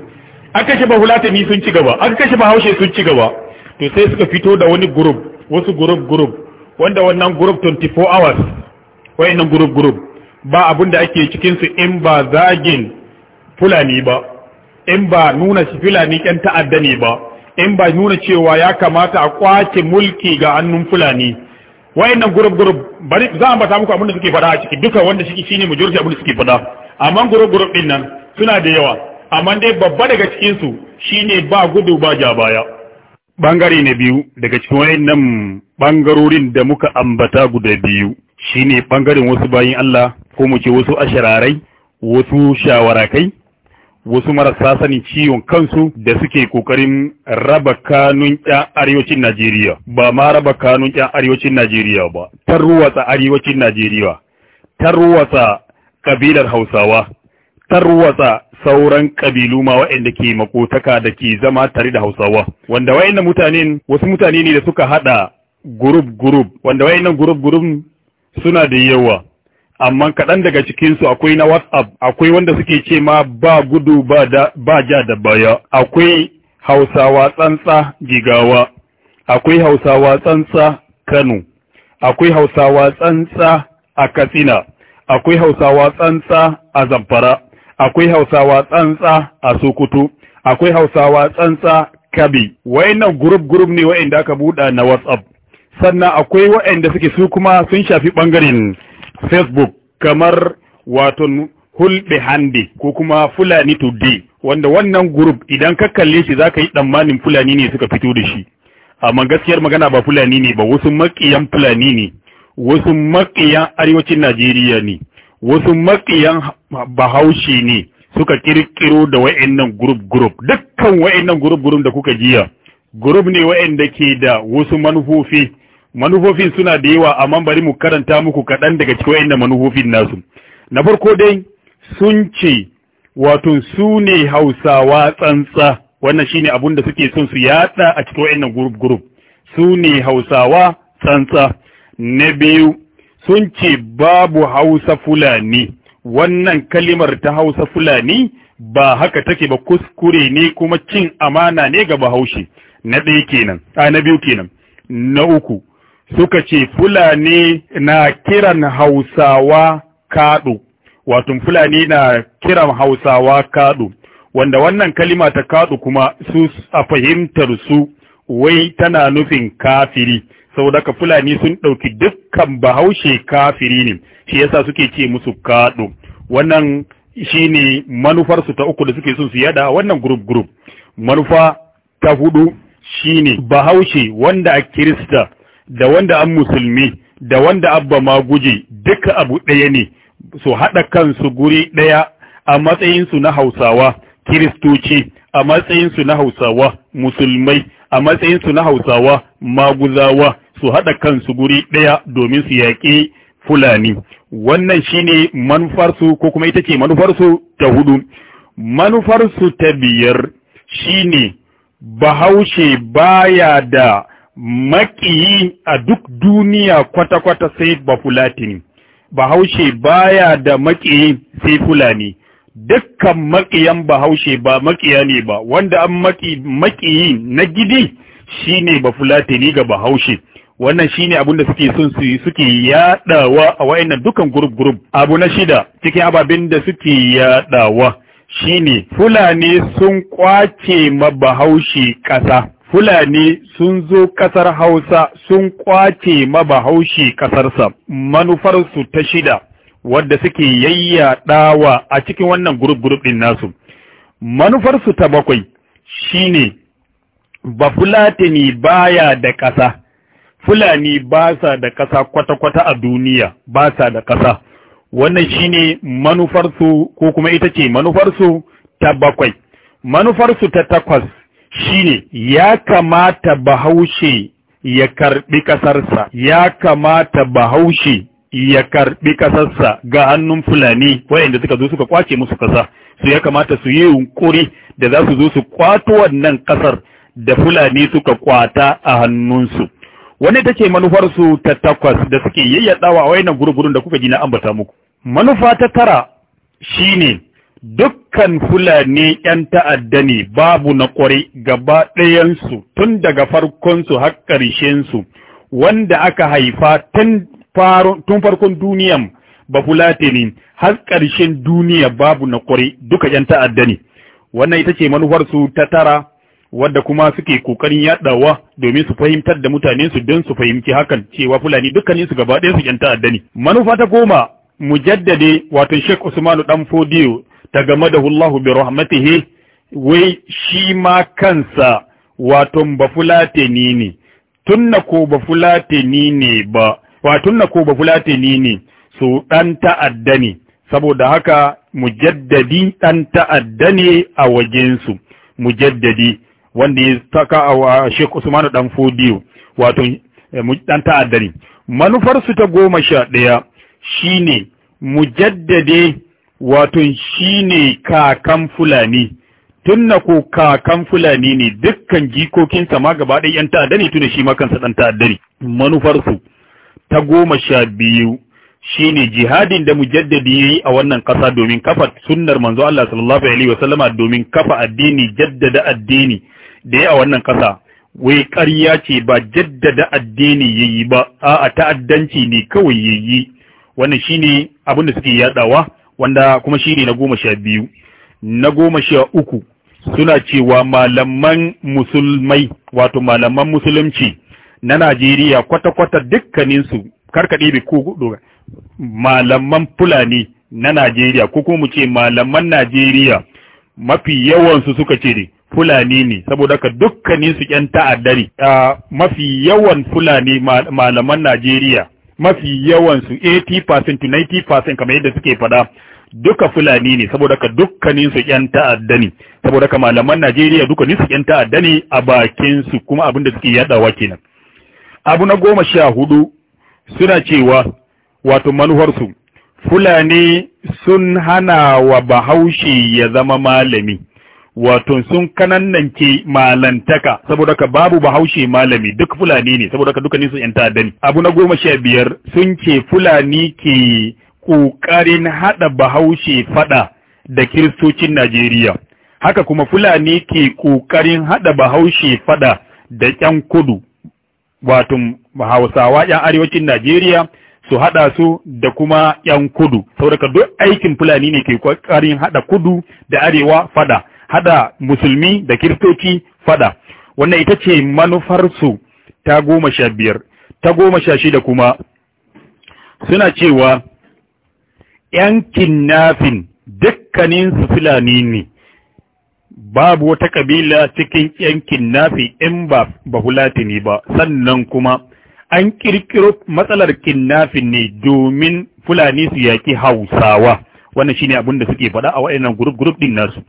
aka kashe ba ni sun ci gaba aka kashe ba haushe sun ci gaba to sai suka fito da wani group wasu group group wanda wannan group 24 hours wayannan group group ba abin da ake cikin su in ba zagin fulani ba in ba nuna shi fulani ƴan ta'adda ne ba in ba nuna cewa ya kamata a kwace mulki ga hannun fulani wayannan gurub gurub bari za a bata muku abin suke fada a ciki duka wanda shi shine majority abin da suke fada amma gurub gurub din nan suna da yawa amma dai babba daga cikinsu su shine ba gudu ba ja baya bangare na biyu daga cikin wayannan bangarorin da muka ambata guda biyu shine bangaren wasu bayin Allah ko mu ce wasu ashirarai wasu shawarakai wasu marasa sani ciwon kansu da suke kokarin raba kanun ƴan arewacin Najeriya ba ma raba kanun ƴan arewacin Najeriya ba tarwatsa arewacin Najeriya tarwatsa kabilar Hausawa tarwatsa sauran kabilu ma waɗanda ke makotaka da ke zama tare da Hausawa wanda waɗannan mutane wasu mutane ne da suka hada group group wanda waɗannan group group suna da yawa amma kaɗan daga cikinsu akwai na WhatsApp, akwai wanda suke ce ma ba gudu ba, ja da baya, akwai Hausawa tsantsa Gigawa, akwai Hausawa tsantsa Kano, akwai Hausawa tsantsa a Katsina, akwai Hausawa tsantsa a Zamfara, akwai Hausawa tsantsa a Sokoto, akwai Hausawa tsantsa Kabi, wayannan gurub-gurub ne wayanda aka buɗa na WhatsApp. Sannan akwai wayanda suke su kuma sun shafi ɓangaren facebook kamar waton hulɓe hande ko kuma fulani today wanda wannan group idan ka kalle shi zaka yi tsammanin fulani ne suka fito da shi amma gaskiyar magana ba fulani ne ba wasu makiyan fulani ne wasu makiyan arewacin Najeriya ne wasu makiyan bahaushe ne suka kirkiro da wa'annan group group dukkan wa'annan group group da kuka jiya group ne wa'anda ke da wasu manufofi manufofin suna da yawa amma bari mu karanta muku kaɗan daga cikin wayannan manufofin nasu na farko dai sun ce wato su ne hausawa tsantsa wannan shine abun da suke son su yada a cikin wayannan group group su ne hausawa tsantsa na biyu sun ce babu hausa fulani wannan kalimar ta hausa fulani ba haka take ba kuskure ne kuma cin amana ne ga bahaushe na ɗaya kenan a na biyu kenan na uku suka ce fulani na kiran hausawa kaɗu wato fulani na kiran hausawa kaɗu wanda wannan kalima ta kaɗu kuma su a fahimtar su wai tana nufin kafiri saboda ka fulani sun ɗauki dukkan bahaushe kafiri ne shi yasa suke ce musu kaɗu wannan shi ne manufarsu ta uku da suke son su yada wannan group group manufa ta hudu ne. bahaushe wanda a kirista da wanda an musulmi da wanda abba ma guje duka abu ɗaya ne su haɗa kansu guri ɗaya a matsayinsu na hausawa kiristoci a matsayinsu na hausawa musulmai a matsayinsu na hausawa maguzawa su haɗa kansu guri ɗaya domin su yaƙi fulani wannan shi shine manufarsu ko kuma ita ce manufarsu ta hudu manufarsu ta biyar shi shine bahaushe baya da maƙiyi a duk duniya kwata-kwata sai bafulatini, bahaushe baya da maƙiyi sai fulani, dukkan maƙiyan bahaushe ba maƙiya ne ba, wanda an maƙiyi na gidi shi ne bafulatini ga bahaushe. Wannan shi ne da suke sun su suke yaɗawa a wa'annan dukkan gurub-gurub. Abu na shida cikin ababen da suke yaɗawa shi ne Fulani sun kwace ma bahaushe ƙasa. Fulani sun zo ƙasar Hausa sun ƙwace mabahaushe ƙasarsa manufarsu ta shida wadda suke yayyaɗawa a cikin wannan gurup-gurup ɗin nasu. Manufarsu ta bakwai ne ba Fulatani baya da ƙasa, Fulani ba sa da ƙasa kwata-kwata a duniya ba sa da ƙasa. Wannan shi ne manufarsu ko kuma ita ce manufarsu ta bakwai. Manufarsu ta takwas shine ya kamata bahaushe ya karbi kasarsa ya kamata bahaushe ya karbi kasarsa ga hannun fulani wayanda suka zo suka kwace musu kasa su ya kamata su yi yunkuri da za su zo su kwato wannan kasar da fulani suka kwata a hannunsu wani take manufarsu ta takwas da suke yayyadawa a wayannan gurgurun da kuka ji na ambata muku manufa ta tara shine dukkan fulani ‘yan ta'adda ne babu na ƙwari gaba ɗayansu tun daga farkonsu har ƙarshensu wanda aka haifa tun farkon duniyan ba ne har ƙarshen duniya babu na ƙwari duka ‘yan ta'adda ne wannan ita ce manufarsu ta tara wadda kuma suke kokarin yadawa domin su fahimtar da mutane su don su fahimci hakan cewa fulani dukkanin su gaba yan ta'adda ne manufa ta goma mujaddade wato Sheikh Usmanu Dan Fodiyo tagamadahu Allah bi rahmatihi wai shi ma kansa wato bafulatani ne tunna ko bafulatani ne ba wa na ko bafulatani ne so dan ta'adda ne saboda haka mujaddadi dan ta'adda ne a wajensu mujaddadi wanda ya taka a Sheikh Usman dan Fodiyo wato dan eh, ta'adda ne manufar su ta goma sha ɗaya shine mujaddade wato shine kakan fulani tunna ko kakan fulani ne dukkan jikokinsa ma gaba ɗaya 'yan ta'adda ne tuna shi makansa ɗan ta'adda ne manufarsu ta goma sha biyu shine jihadin da mujaddadi yayi a wannan ƙasa domin kafa sunnar manzo Allah sallallahu domin kafa addini jaddada addini da a wannan ƙasa wai ƙarya ce ba jaddada addini yayi ba a'a ta'addanci ne kawai yayi wannan shine abin da suke yaɗawa. wanda kuma shi ne na goma sha biyu na goma sha uku suna cewa malaman musulmai wato malaman musulunci na Najeriya kwata-kwata dukkaninsu karkaɗe bi ko malaman Fulani na Najeriya ko kuma mu ce malaman Najeriya mafi yawansu suka ce ne Fulani ne saboda ka dukkaninsu yan ta'addari a mafi yawan Fulani malaman Najeriya mafi yawansu 80% 90% kamar yadda suke fada duka fulani ne saboda ka dukkanin su yan ta'adda ne saboda ka malaman Najeriya dukkanin su yan ta'adda ne a bakin su kuma abin da suke yadawa kenan abu na goma sha hudu suna cewa wato manuhar su fulani sun hana wa bahaushe ya zama malami wato sun kanannanke malantaka saboda ka babu bahaushe malami duk fulani ne saboda ka dukkanin su yan ta'adda ne abu na goma sha biyar sun ce fulani ke ƙoƙarin haɗa bahaushe faɗa da kiristocin Najeriya. Haka kuma Fulani ke ƙoƙarin haɗa bahaushe faɗa da ‘yan kudu, wato hausawa ‘yan arewacin Najeriya su haɗa su da kuma ‘yan kudu. Sauraka duk aikin Fulani ne ke ƙoƙarin haɗa kudu da arewa faɗa, haɗa musulmi da kiristoci faɗa. Wannan ita ce manufarsu ta goma sha biyar, ta goma sha shida kuma suna cewa ‘yan kinnafin dukkaninsu filani ne, babu wata kabila cikin ‘yan kinnafi in ba Bahulatini ba, sannan kuma an ƙirƙiro matsalar kinnafin ne domin Fulani su yaƙi Hausawa, wannan shi ne abin da suke faɗa a wayan gurup-gurup ɗin nasu.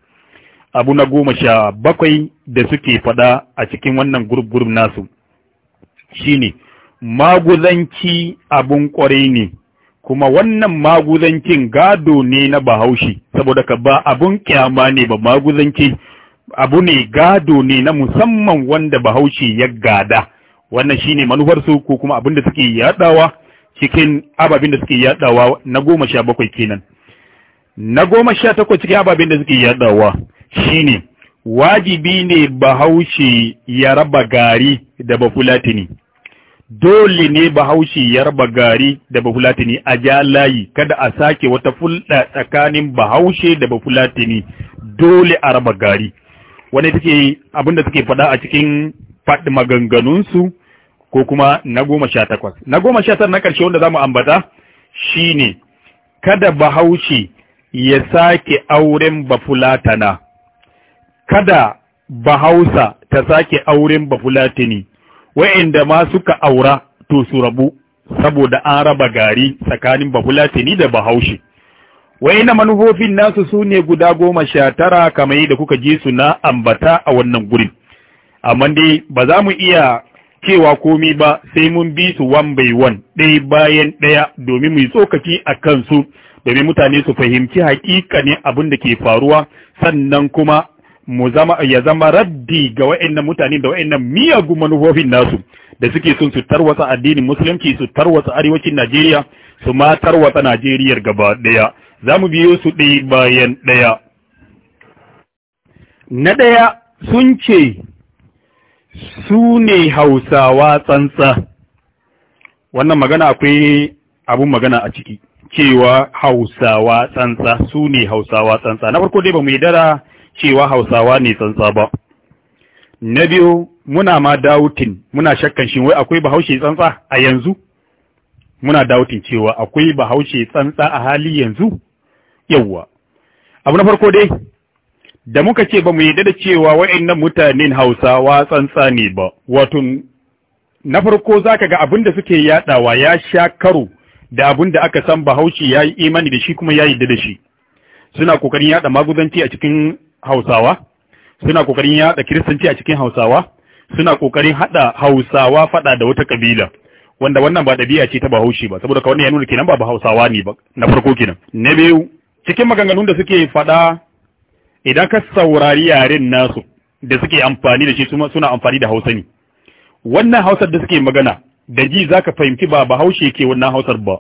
Abu na goma sha bakwai da suke faɗa a cikin wannan gurup-gurup nasu shi maguzanci abun ƙwarai ne. kuma wannan maguzancin gado ne na bahaushe saboda ka ba abun kyama ne ba maguzanci abu ne gado ne na musamman wanda bahaushe ya gada wannan shine manufar su ko kuma abin da suke yadawa cikin ababin da suke yadawa na goma sha bakwai kenan na goma sha takwas cikin ababin da suke yadawa shine wajibi ne bahaushe ya raba gari da bafulatini dole ne bahaushe ya raba gari da bafulatini a ja layi kada a sake wata fulɗa tsakanin bahaushe da bafulatini dole a raba gari wani take abinda suke faɗa a cikin faɗi maganganunsu ko kuma na goma sha takwas na goma sha tara na ƙarshe wanda za mu ambata shine kada bahaushe ya sake auren bafulatana kada bahausa ta sake auren bafulatini wa'inda ma suka aura to su rabu saboda an raba gari tsakanin bafulatini da bahaushe wai na manufofin nasu su ne guda goma sha tara kamar da kuka ji su na ambata a wannan gurin amma dai ba za mu iya cewa komi ba sai mun bi su one by one ɗaya bayan ɗaya domin mu yi tsokaci a kansu domin mutane su fahimci ne abin da ke faruwa sannan kuma mu zama ya zama raddi ga wa'annan mutane da wa'annan miyagun manufofin nasu da suke son su tarwasa addinin musulunci su tarwasa arewacin Najeriya su ma tarwatsa Najeriya gaba daya zamu biyo su ɗaya bayan daya na ɗaya sun ce su ne Hausawa tsantsa wannan magana akwai abun magana a ciki cewa Hausawa tsantsa su ne Hausawa tsantsa na farko dai ba mu yi dara cewa hausawa ne tsantsa ba na biyu muna ma dautin muna shakkan shi wai akwai bahaushe tsantsa a yanzu muna dautin cewa akwai bahaushe tsantsa a hali yanzu yawwa abu na farko dai da muka ce ba mu yi da cewa wa'annan mutanen hausawa tsantsa ne ba wato na farko za ka ga abin da suke yadawa ya sha karo da abin da aka san bahaushe ya yi imani da shi kuma ya yi da shi suna kokarin yaɗa maguzanci a cikin hausawa suna kokarin yaɗa kiristanci a cikin hausawa suna kokarin haɗa hausawa faɗa da wata kabila wanda wannan ba ɗabi'a ce ta bahaushe ba saboda ka wannan ya nuna kenan ba hausawa ne ba na farko kenan na biyu cikin maganganun da suke faɗa idan ka saurari yaren nasu da suke amfani da shi suna amfani da hausa ne wannan hausar da suke magana da ji za ka fahimci ba bahaushe ke wannan hausar ba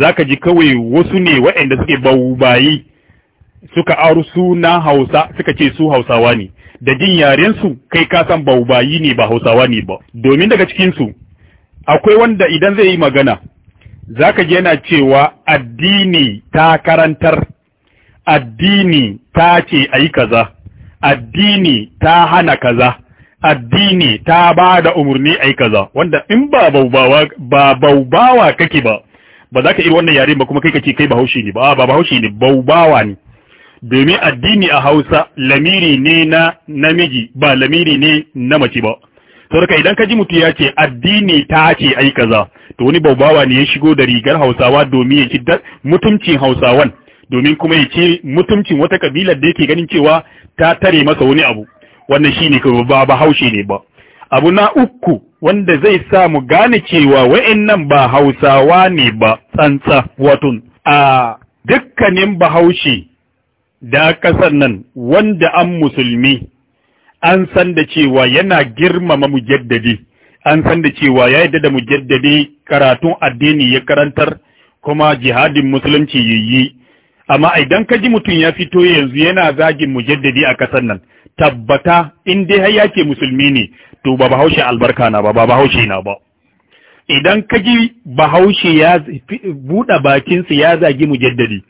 za ka ji kawai wasu ne waɗanda suke bayi suka aru suna hausa suka ce su hausawa ne da jin yarensu kai ka san baubayi ne ba hausawa ne ba domin daga cikinsu akwai wanda idan zai yi magana za ka yana cewa addini ta karantar addini ta ce a yi kaza addini ta hana kaza addini ta ba da umarni a yi kaza wanda in ba baubawa kake ba ba za ka iri wannan yare ba kuma kai ka ce kai bahaushe ne ba ba bahaushe ne baubawa ne domin addini a Hausa lamiri ne na namiji ba lamiri ne na mace ba Sauraka idan ka ji mutum ya ce addini ta ce ai kaza to wani babawa ne ya shigo da rigar Hausawa domin ya ci mutuncin Hausawan domin kuma ya ce mutuncin wata kabila da yake ganin cewa ta tare masa wani abu wannan shi ne ba bahaushe ne ba abu na uku wanda zai sa mu gane cewa wa'in nan ba Hausawa ne ba tsantsa watun a dukkanin bahaushe da ƙasar nan wanda an musulmi an san da cewa yana girmama mujaddadi an san da cewa ya yi da mujaddadi karatun addini ya karantar kuma jihadin musulunci yi. amma idan ka ji mutum ya fito yanzu yana zagin mujaddadi a ƙasar nan tabbata in dai har yake musulmi ne to ba bahaushe albarka na ba ba bahaushe na ba idan ka ji bahaushe ya buɗe bakinsa ya zagi mujaddadi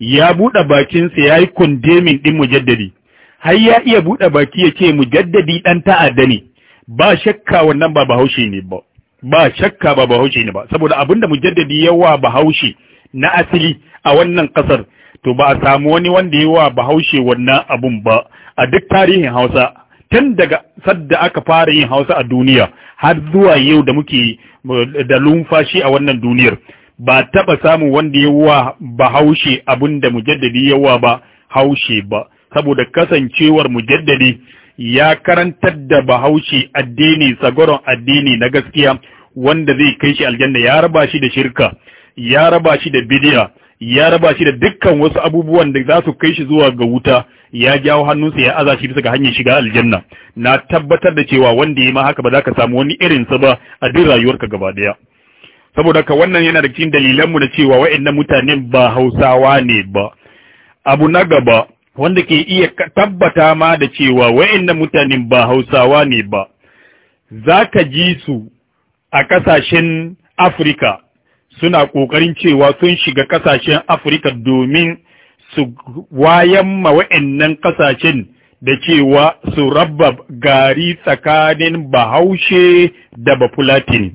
ya buɗe bakinsa ya yi kundemin ɗin mujaddadi har ya iya buɗe baki ya ce mujaddadi ɗan ta'adda ne ba shakka wannan ba bahaushe ne ba ba shakka ba bahaushe ne ba saboda abinda mujaddadi yawa bahaushe na asili a wannan ƙasar to ba a samu wani wanda yawa bahaushe wannan abun ba a duk tarihin hausa tun daga sadda aka fara yin hausa a duniya har zuwa yau da muke eh, da lumfashi a wannan duniyar ba taɓa samun wanda yawa ba haushe abin da mujaddadi yawa ba haushe ba saboda kasancewar mujaddadi ya karantar da bahaushe addini sagoron addini na gaskiya wanda zai kai shi aljanna ya raba shi da shirka ya raba shi da bidiya ya raba shi da dukkan wasu abubuwan da za su kai shi zuwa ga wuta ya jawo hannunsa ya azashi shi bisa ga hanyar shiga aljanna na tabbatar da cewa wanda ya ma haka ba za ka samu wani irinsa ba a duk rayuwarka gaba daya saboda ka wannan yana da cikin dalilanmu na cewa wa'annan mutanen ba Hausawa ne ba abu na gaba wanda ke iya tabbata ma da cewa wa'annan mutanen ba Hausawa ne ba zaka ji su a kasashen Afirka suna kokarin cewa sun shiga kasashen Afirka domin su wayan ma wa'annan kasashen da cewa su rabba gari tsakanin Bahaushe da Bafulatin.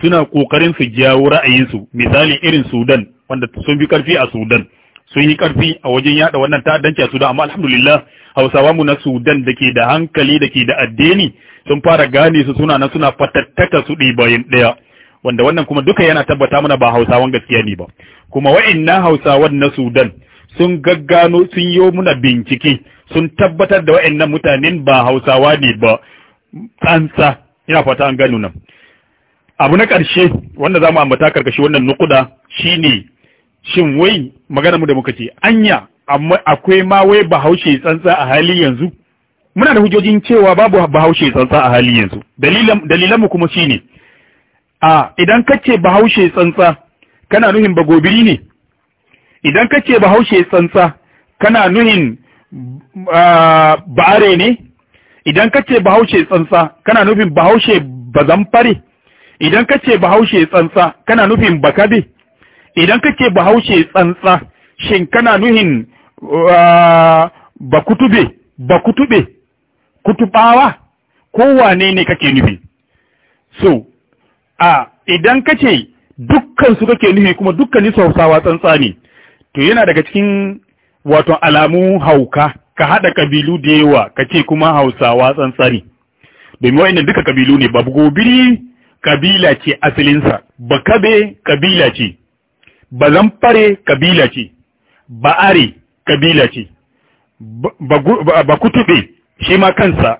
suna kokarin su jawo ra'ayinsu misali irin Sudan wanda sun bi karfi a Sudan sun yi karfi a wajen yada wannan ta'addanci a Sudan amma alhamdulillah Hausawa mu na Sudan da ke da hankali da ke da addini sun fara gane su suna nan suna fatattaka su ɗi bayan ɗaya wanda wannan kuma duka yana tabbata mana ba Hausawan gaskiya ne ba kuma na Hausawan na Sudan sun gaggano sun yi muna bincike sun tabbatar da wa'annan mutanen ba Hausawa ne ba tsantsa ina fata an gano nan abu na ƙarshe wanda za mu ambata karkashi wannan nukuda shine shin wai magana mu da muka ce anya amma akwai ma wai bahaushe tsantsa a hali yanzu muna da hujjojin cewa babu bahaushe tsantsa a hali yanzu dalilan mu kuma shine a idan ka ce bahaushe tsantsa kana nuhin bagobiri ne idan ka ce bahaushe tsantsa kana nuhin Ba'are ne idan ka ce bahaushe tsantsa kana nufin bahaushe fare idan ka ce bahaushe tsantsa kana nufin bakabe idan ka ce bahaushe tsantsa shin kana nufin ah, bakutube bakutube kutubawa ko wane ne kake nufi so a idan ka ce dukkan su kake nufi kuma dukkan su hausawa tsantsa ne to yana daga cikin wato alamu hauka ka haɗa kabilu da yawa ka ce kuma hausawa tsantsani domin wa'in duka kabilu ne babu gobiri kabila ce asalinsa bakabe kabila ce zamfare kabila ce ba'are kabila ce bakutube shi ma kansa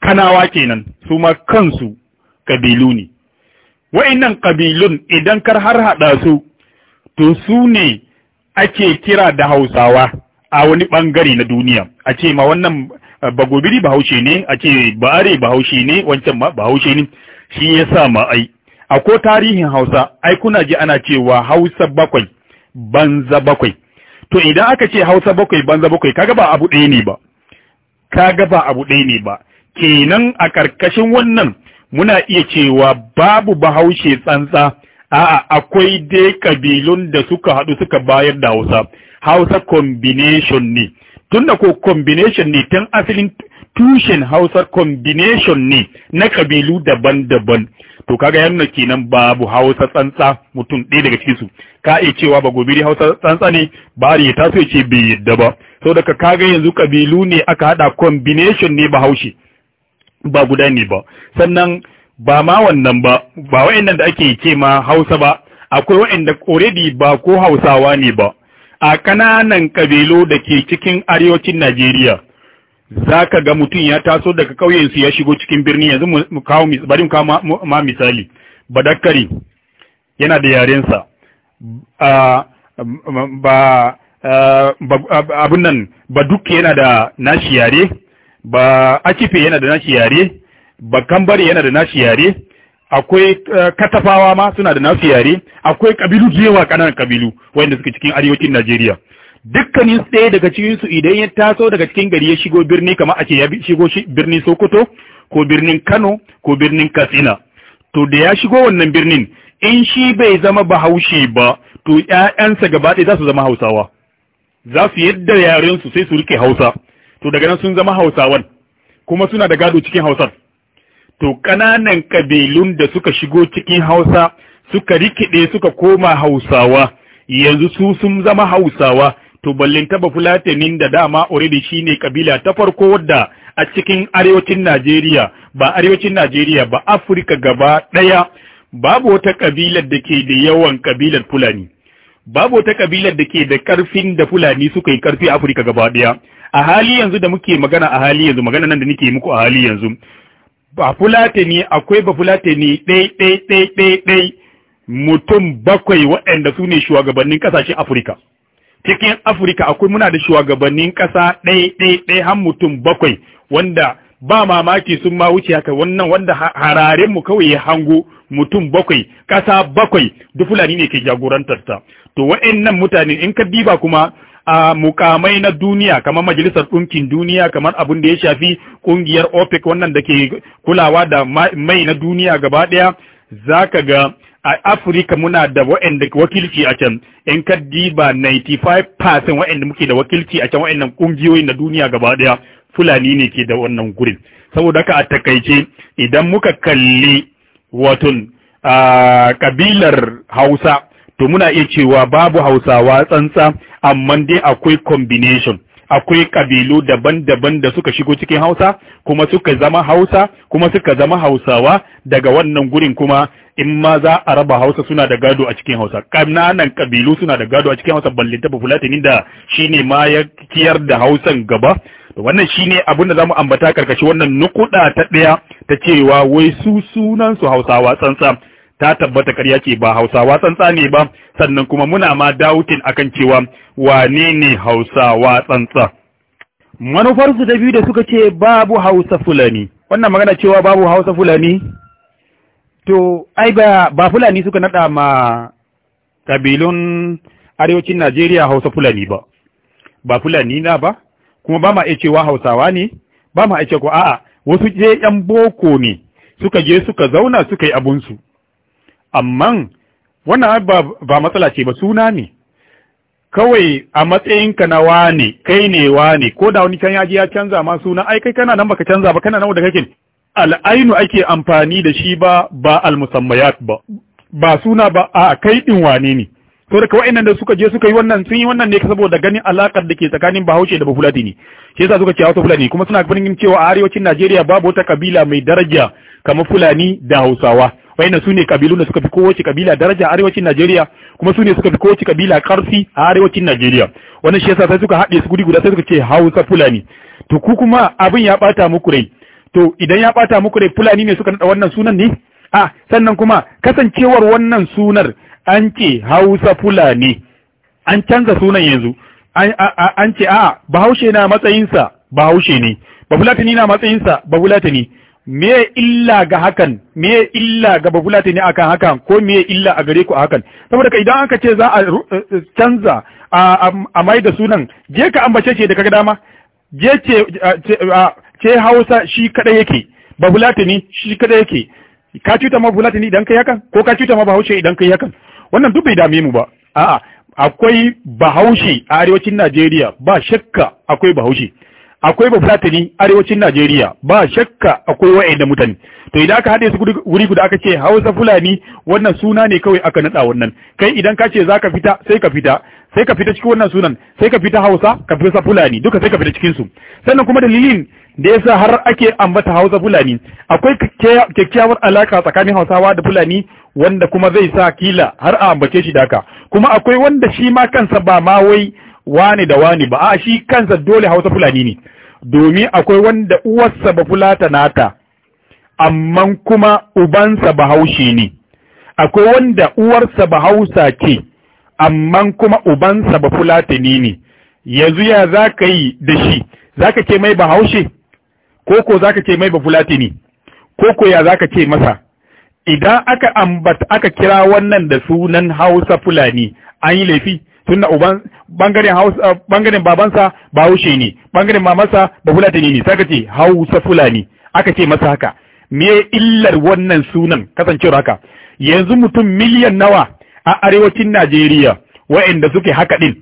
kanawa kenan su ma kansu kabilu ne wa'innan kabilun idan kar har haɗa su to su ne ake kira da hausawa a wani ɓangare na duniya a ce ma wannan bagobiri bahaushe ne a ce bare bahaushe ne wancan ma bahaushe ne shi ya sa ma ai ko tarihin hausa ai kuna ji ana cewa hausa bakwai banza bakwai to idan aka ce hausa bakwai banza bakwai kaga ba abu ɗaya ne ba kaga ba abu ɗaya ne ba kenan a ƙarƙashin wannan muna iya cewa babu bahaushe tsantsa a'a akwai dai kabilun da suka haɗu suka bayar da hausa hausa combination ne tunda ko combination ne tun asalin tushen hausar combination ne na kabilu daban-daban to kaga yanna kenan babu hausa tsantsa mutum ɗaya daga cikin su ka iya cewa ba gobiri hausa tsantsa ne ba ya taso ya ce bai yadda ba saboda ka kaga yanzu kabilu ne aka haɗa combination ne ba haushe ba guda ne ba sannan ba ma wannan ba ba wa'annan da ake ce ma hausa ba akwai wa'anda koredi ba ko hausawa ne ba a ƙananan kabilu da ke cikin arewacin Najeriya za ka ga mutum ya taso daga ƙauyensu ya shigo cikin birni yanzu mu kawo bari mu kawo ma misali badakkari yana da yarensa ba abin nan ba duk yana da nashi yare ba akife yana da nashi yare ba kambare yana da nashi yare akwai katafawa ma suna da nasu yare akwai kabilu jewa kanan kananan kabilu wayanda suke cikin arewacin Najeriya dukkanin tsaye daga cikin su idan ya taso daga cikin gari ya shigo birni kamar a ce ya shigo birnin Sokoto ko birnin Kano ko birnin Katsina to da ya shigo wannan birnin in shi bai zama bahaushe ba to ƴaƴansa gaba ɗaya za su zama Hausawa za su yadda yaren su sai su rike Hausa to daga nan sun zama Hausawan kuma suna da gado cikin Hausar to ƙananan kabilun da suka shigo cikin Hausa suka rikide suka koma Hausawa yanzu su sun zama Hausawa to ballinta ba fulatanin da dama already shine kabila ta farko wadda a cikin arewacin Najeriya ba arewacin Najeriya ba Afirka gaba daya babu wata kabilar da ke da yawan kabilar Fulani babu wata kabilar da ke da karfin da Fulani suka yi karfi a Afirka gaba daya a hali yanzu da muke magana a hali yanzu magana nan da nake muku a hali yanzu ba Fulatani akwai ba Fulatani ɗai ɗai ɗai ɗai mutum bakwai waɗanda su ne shugabannin ƙasashen Afirka cikin Afirka akwai muna da shugabannin ƙasa ɗaya har mutum bakwai wanda ba mamaki sun ma wuce haka wannan wanda hararin mu kawai ya hango mutum bakwai ƙasa bakwai duk Fulani ne ke jagorantar ta to wa'annan mutane in ka diba kuma a mukamai na duniya kamar majalisar ɗunkin duniya kamar abin da ya shafi ƙungiyar OPEC wannan da ke kulawa da mai na duniya gaba ɗaya zaka ga a Afirka muna da wa'inda wakilci a can in ka diba 95% wa'inda muke da wakilci a can wa'inda ƙungiyoyin na duniya gaba ɗaya Fulani ne ke da wannan gurin saboda haka a takaice idan muka kalli watun kabilar Hausa to muna iya cewa babu Hausawa tsantsa amma dai akwai combination akwai kabilu daban-daban da suka shigo cikin Hausa kuma suka zama Hausa kuma suka zama Hausawa daga wannan gurin kuma in ma za a raba Hausa suna da gado a cikin Hausa kananan kabilu suna da gado a cikin Hausa ta Fulatani da shine ma ya kiyar da Hausan gaba wannan shine abin da zamu ambata karkashi wannan nukuda ta daya ta cewa wai su sunan su Hausawa tsantsa ta tabbata ƙarya ce ba hausawa tsantsa ne ba sannan kuma muna ma dautin akan cewa wane ne hausawa tsantsa manufarsu da biyu da suka ce babu hausa fulani wannan magana cewa babu hausa fulani to ai ba ba fulani suka nada ma kabilun arewacin Najeriya hausa fulani ba ba fulani na ba kuma ba ma iya cewa hausawa ne ba ma iya cewa a'a wasu je yan boko ne suka je suka zauna suka yi abunsu amma wannan ba matsala ce ba suna ne kawai a matsayinka na wane kai ne wane ko da wani can ya canza ma suna ai kai kana nan baka canza ba kana nan da kake al'ainu ake amfani da shi ba ba al ba ba suna ba a kai din wane ne to da kawai nan da suka je suka yi wannan sun yi wannan ne saboda ganin alakar da ke tsakanin Bahaushe da Bafulati ne shi yasa suka ce Hausa Fulani kuma suna ganin cewa a arewacin Najeriya babu wata kabila mai daraja kamar Fulani da Hausawa na sune kabilun da suka fi kowace kabila daraja arewacin Najeriya kuma sune suka fi kowace kabila karfi a arewacin Najeriya wannan shi yasa sai suka haɗe su guri guda sai suka ce Hausa Fulani to ku kuma abin ya bata muku rai to idan ya bata muku rai Fulani ne suka nada wannan sunan ne a sannan kuma kasancewar wannan sunar an ce Hausa Fulani an canza sunan yanzu an ce a Bahaushe na matsayinsa Bahaushe ne Bafulatani na matsayinsa babulatani. me illa ga hakan me illa ga babulate ne akan hakan ko me illa a gare ku a hakan saboda ka idan aka ce za a eh, eh, canza a mai da sunan je ka ambace ce da kaga dama je ce ce Hausa shi kada yake babulate ne shi kada yake ka cuta ma babulate ne idan kai hakan ko ka cuta ma Bahaushe idan kai hakan wannan duk bai dame mu ba a'a akwai Bahaushe a arewacin Najeriya ba shakka akwai Bahaushe akwai fulatani arewacin Najeriya ba shakka akwai da mutane to idan aka hade su guri guda aka ce Hausa Fulani wannan suna ne kawai aka nada wannan kai idan ka ce zaka fita sai ka fita sai ka fita cikin wannan sunan sai ka fita Hausa ka fita Fulani duka sai ka fita cikin su sannan kuma dalilin da yasa har ake ambata Hausa Fulani akwai kyakkyawar alaka tsakanin Hausawa da Fulani wanda kuma zai sa kila har a ambace shi daka kuma akwai wanda shi ma kansa ba ma wai wani da wani ba a shi kansa dole hausa fulani ne domin akwai wanda uwarsa ba fulata nata amma kuma ubansa ba haushi ne akwai wanda uwarsa ba Hausa ce amma kuma ubansa ba fulata ne yanzu ya za ka yi da shi za ka ce mai ba haushe? ko ko za ka ce mai ba ne? ko ko ya za ka ce masa idan aka ambata aka kira wannan da sunan hausa fulani an yi laifi tunda uban bangaren hausa eh, bangaren babansa bahaushe ne bangaren mamansa ba fulatani ne saka ce hausa fulani aka ce masa haka me illar wannan sunan kasancewar haka yanzu mutum miliyan nawa a arewacin Najeriya waɗanda suke haka din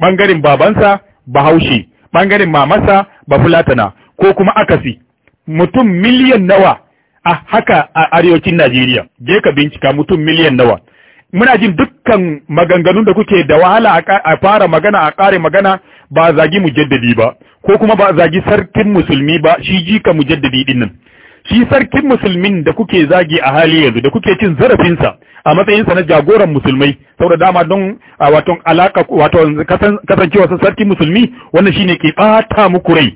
bangaren babansa bahaushe bangaren mamansa ba fulatana ko kuma akasi mutum miliyan nawa a haka a arewacin Najeriya je ka bincika mutum miliyan nawa muna jin dukkan maganganun da kuke da wahala a fara magana a ƙare magana ba a zagi mujaddadi ba ko kuma ba a zagi sarkin musulmi ba shi jika mujaddadi din nan shi sarkin musulmin da kuke zagi a hali yanzu da kuke cin zarafinsa a matsayinsa na jagoran musulmai saboda dama don wato alaka wato kasancewa sarkin musulmi wannan shine ke bata muku rai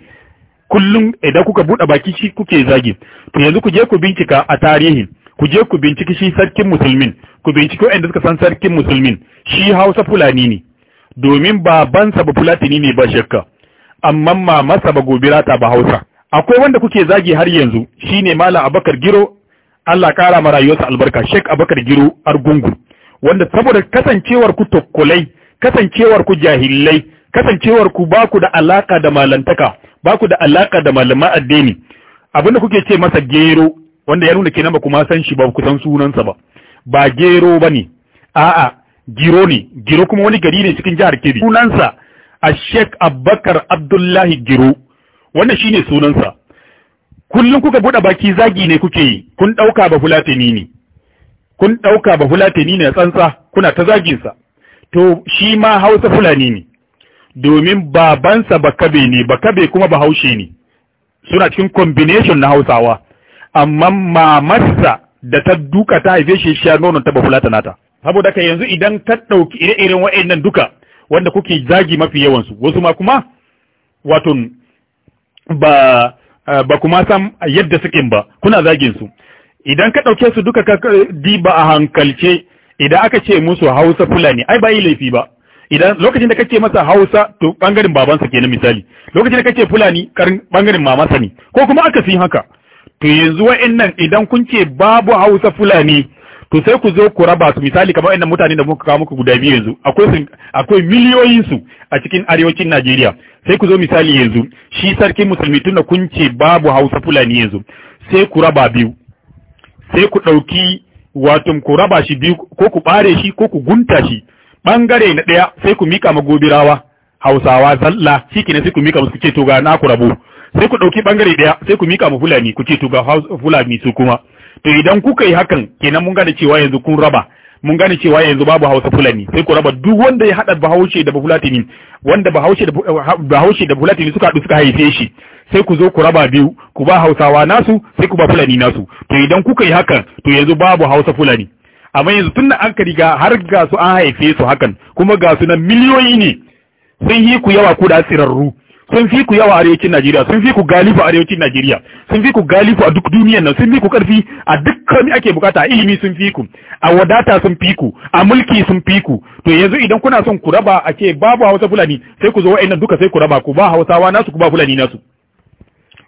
kullum idan kuka buɗe baki shi kuke zagi to yanzu ku je ku bincika a tarihi. ku je ku binciki shi sarkin musulmin ku binciki waɗanda suka san sarkin musulmin shi hausa fulani ne domin babansa ba fulatini ne ba shakka amma masa ba gobirata ba hausa akwai wanda kuke zagi har yanzu shine malam abakar giro Allah kara ma rayuwarsa albarka shek Abakar Giro Argungu wanda saboda kasancewar ku tokkolai kasancewar ku jahilai kasancewar ku ba ku da alaka da malantaka ba ku da alaka da malaman addini abinda kuke ce masa gero wanda ya nuna kenan ba kuma san shi ba ku san sunansa ba ba gero ba ne a'a giro ne giro kuma wani gari ne cikin jihar kebbi sunansa a sheikh abbakar abdullahi giro wannan shine sunansa kullum kuka buɗe baki zagi ne kuke yi kun ɗauka ba fulatani ne kun ɗauka ba fulatani ne tsantsa kuna ta zaginsa to shi ma hausa fulani ne domin babansa bakabe ne bakabe kuma bahaushe ne suna cikin combination na hausawa amma mamarsa da ta duka ta haife shi sha nono ta bafula ta nata saboda ka yanzu idan ka ɗauki ire-iren wa'annan duka wanda kuke zagi mafi yawansu wasu ma kuma wato ba eh, ba kuma san yadda suke ba kuna zagin su idan ka ɗauke su duka ka diba a hankalce idan aka ce musu hausa fulani ai ba yi laifi ba idan lokacin da kace masa hausa to bangaren babansa kenan misali lokacin da kace fulani bangaren mamansa ne ko kuma aka fi haka to yanzu wa'annan idan kun ce babu Hausa Fulani to sai ku zo ku raba su misali kamar wa'annan mutane da muka kawo muku guda biyu yanzu akwai akwai su a cikin arewacin Najeriya sai ku zo misali yanzu shi sarkin musulmi tunda kun ce babu Hausa Fulani yanzu sai ku raba biyu sai ku ɗauki wato ku raba shi biyu ko ku ɓare shi ko ku gunta shi ɓangare na ɗaya sai ku mika magobirawa hausawa zalla shi ne sai ku mika musu ce to ga na ku rabu sai ku ɗauki ɓangare ɗaya sai ku mika mu fulani ku ce to ga fulani su kuma to idan kuka yi hakan kenan mun gane cewa yanzu kun raba mun gane cewa yanzu babu hausa fulani sai ku raba duk wanda ya haɗa bahaushe da bafulatini wanda bahaushe da eh, bafulatini suka haɗu suka haife shi sai ku zo ku raba biyu ku ba hausawa nasu sai ku ba fulani nasu to idan kuka yi hakan to yanzu babu hausa fulani amma yanzu tun da an ka riga har ga su an haife su hakan kuma ga su na miliyoyi ne sun yi ku yawa ku da tsirarru sun fi ku yawa arewacin Najeriya sun fi ku galifu arewacin Najeriya sun fi ku galifu a duk duniyar nan sun fi ku karfi a dukkan ake bukata a ilimi sun fi ku a wadata sun fi ku a mulki sun fi ku to yanzu idan kuna son ku raba a ce babu Hausa Fulani sai ku zo wa'annan duka sai ku raba ku ba Hausawa nasu ku ba Fulani nasu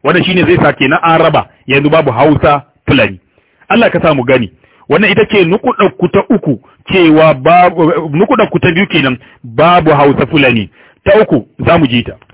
wannan shine zai sake na an raba yanzu babu Hausa Fulani Allah ka mu gani wannan ita ce nukuɗarku ta uku cewa babu nukuɗarku ta biyu kenan babu Hausa Fulani ta uku za mu ji ta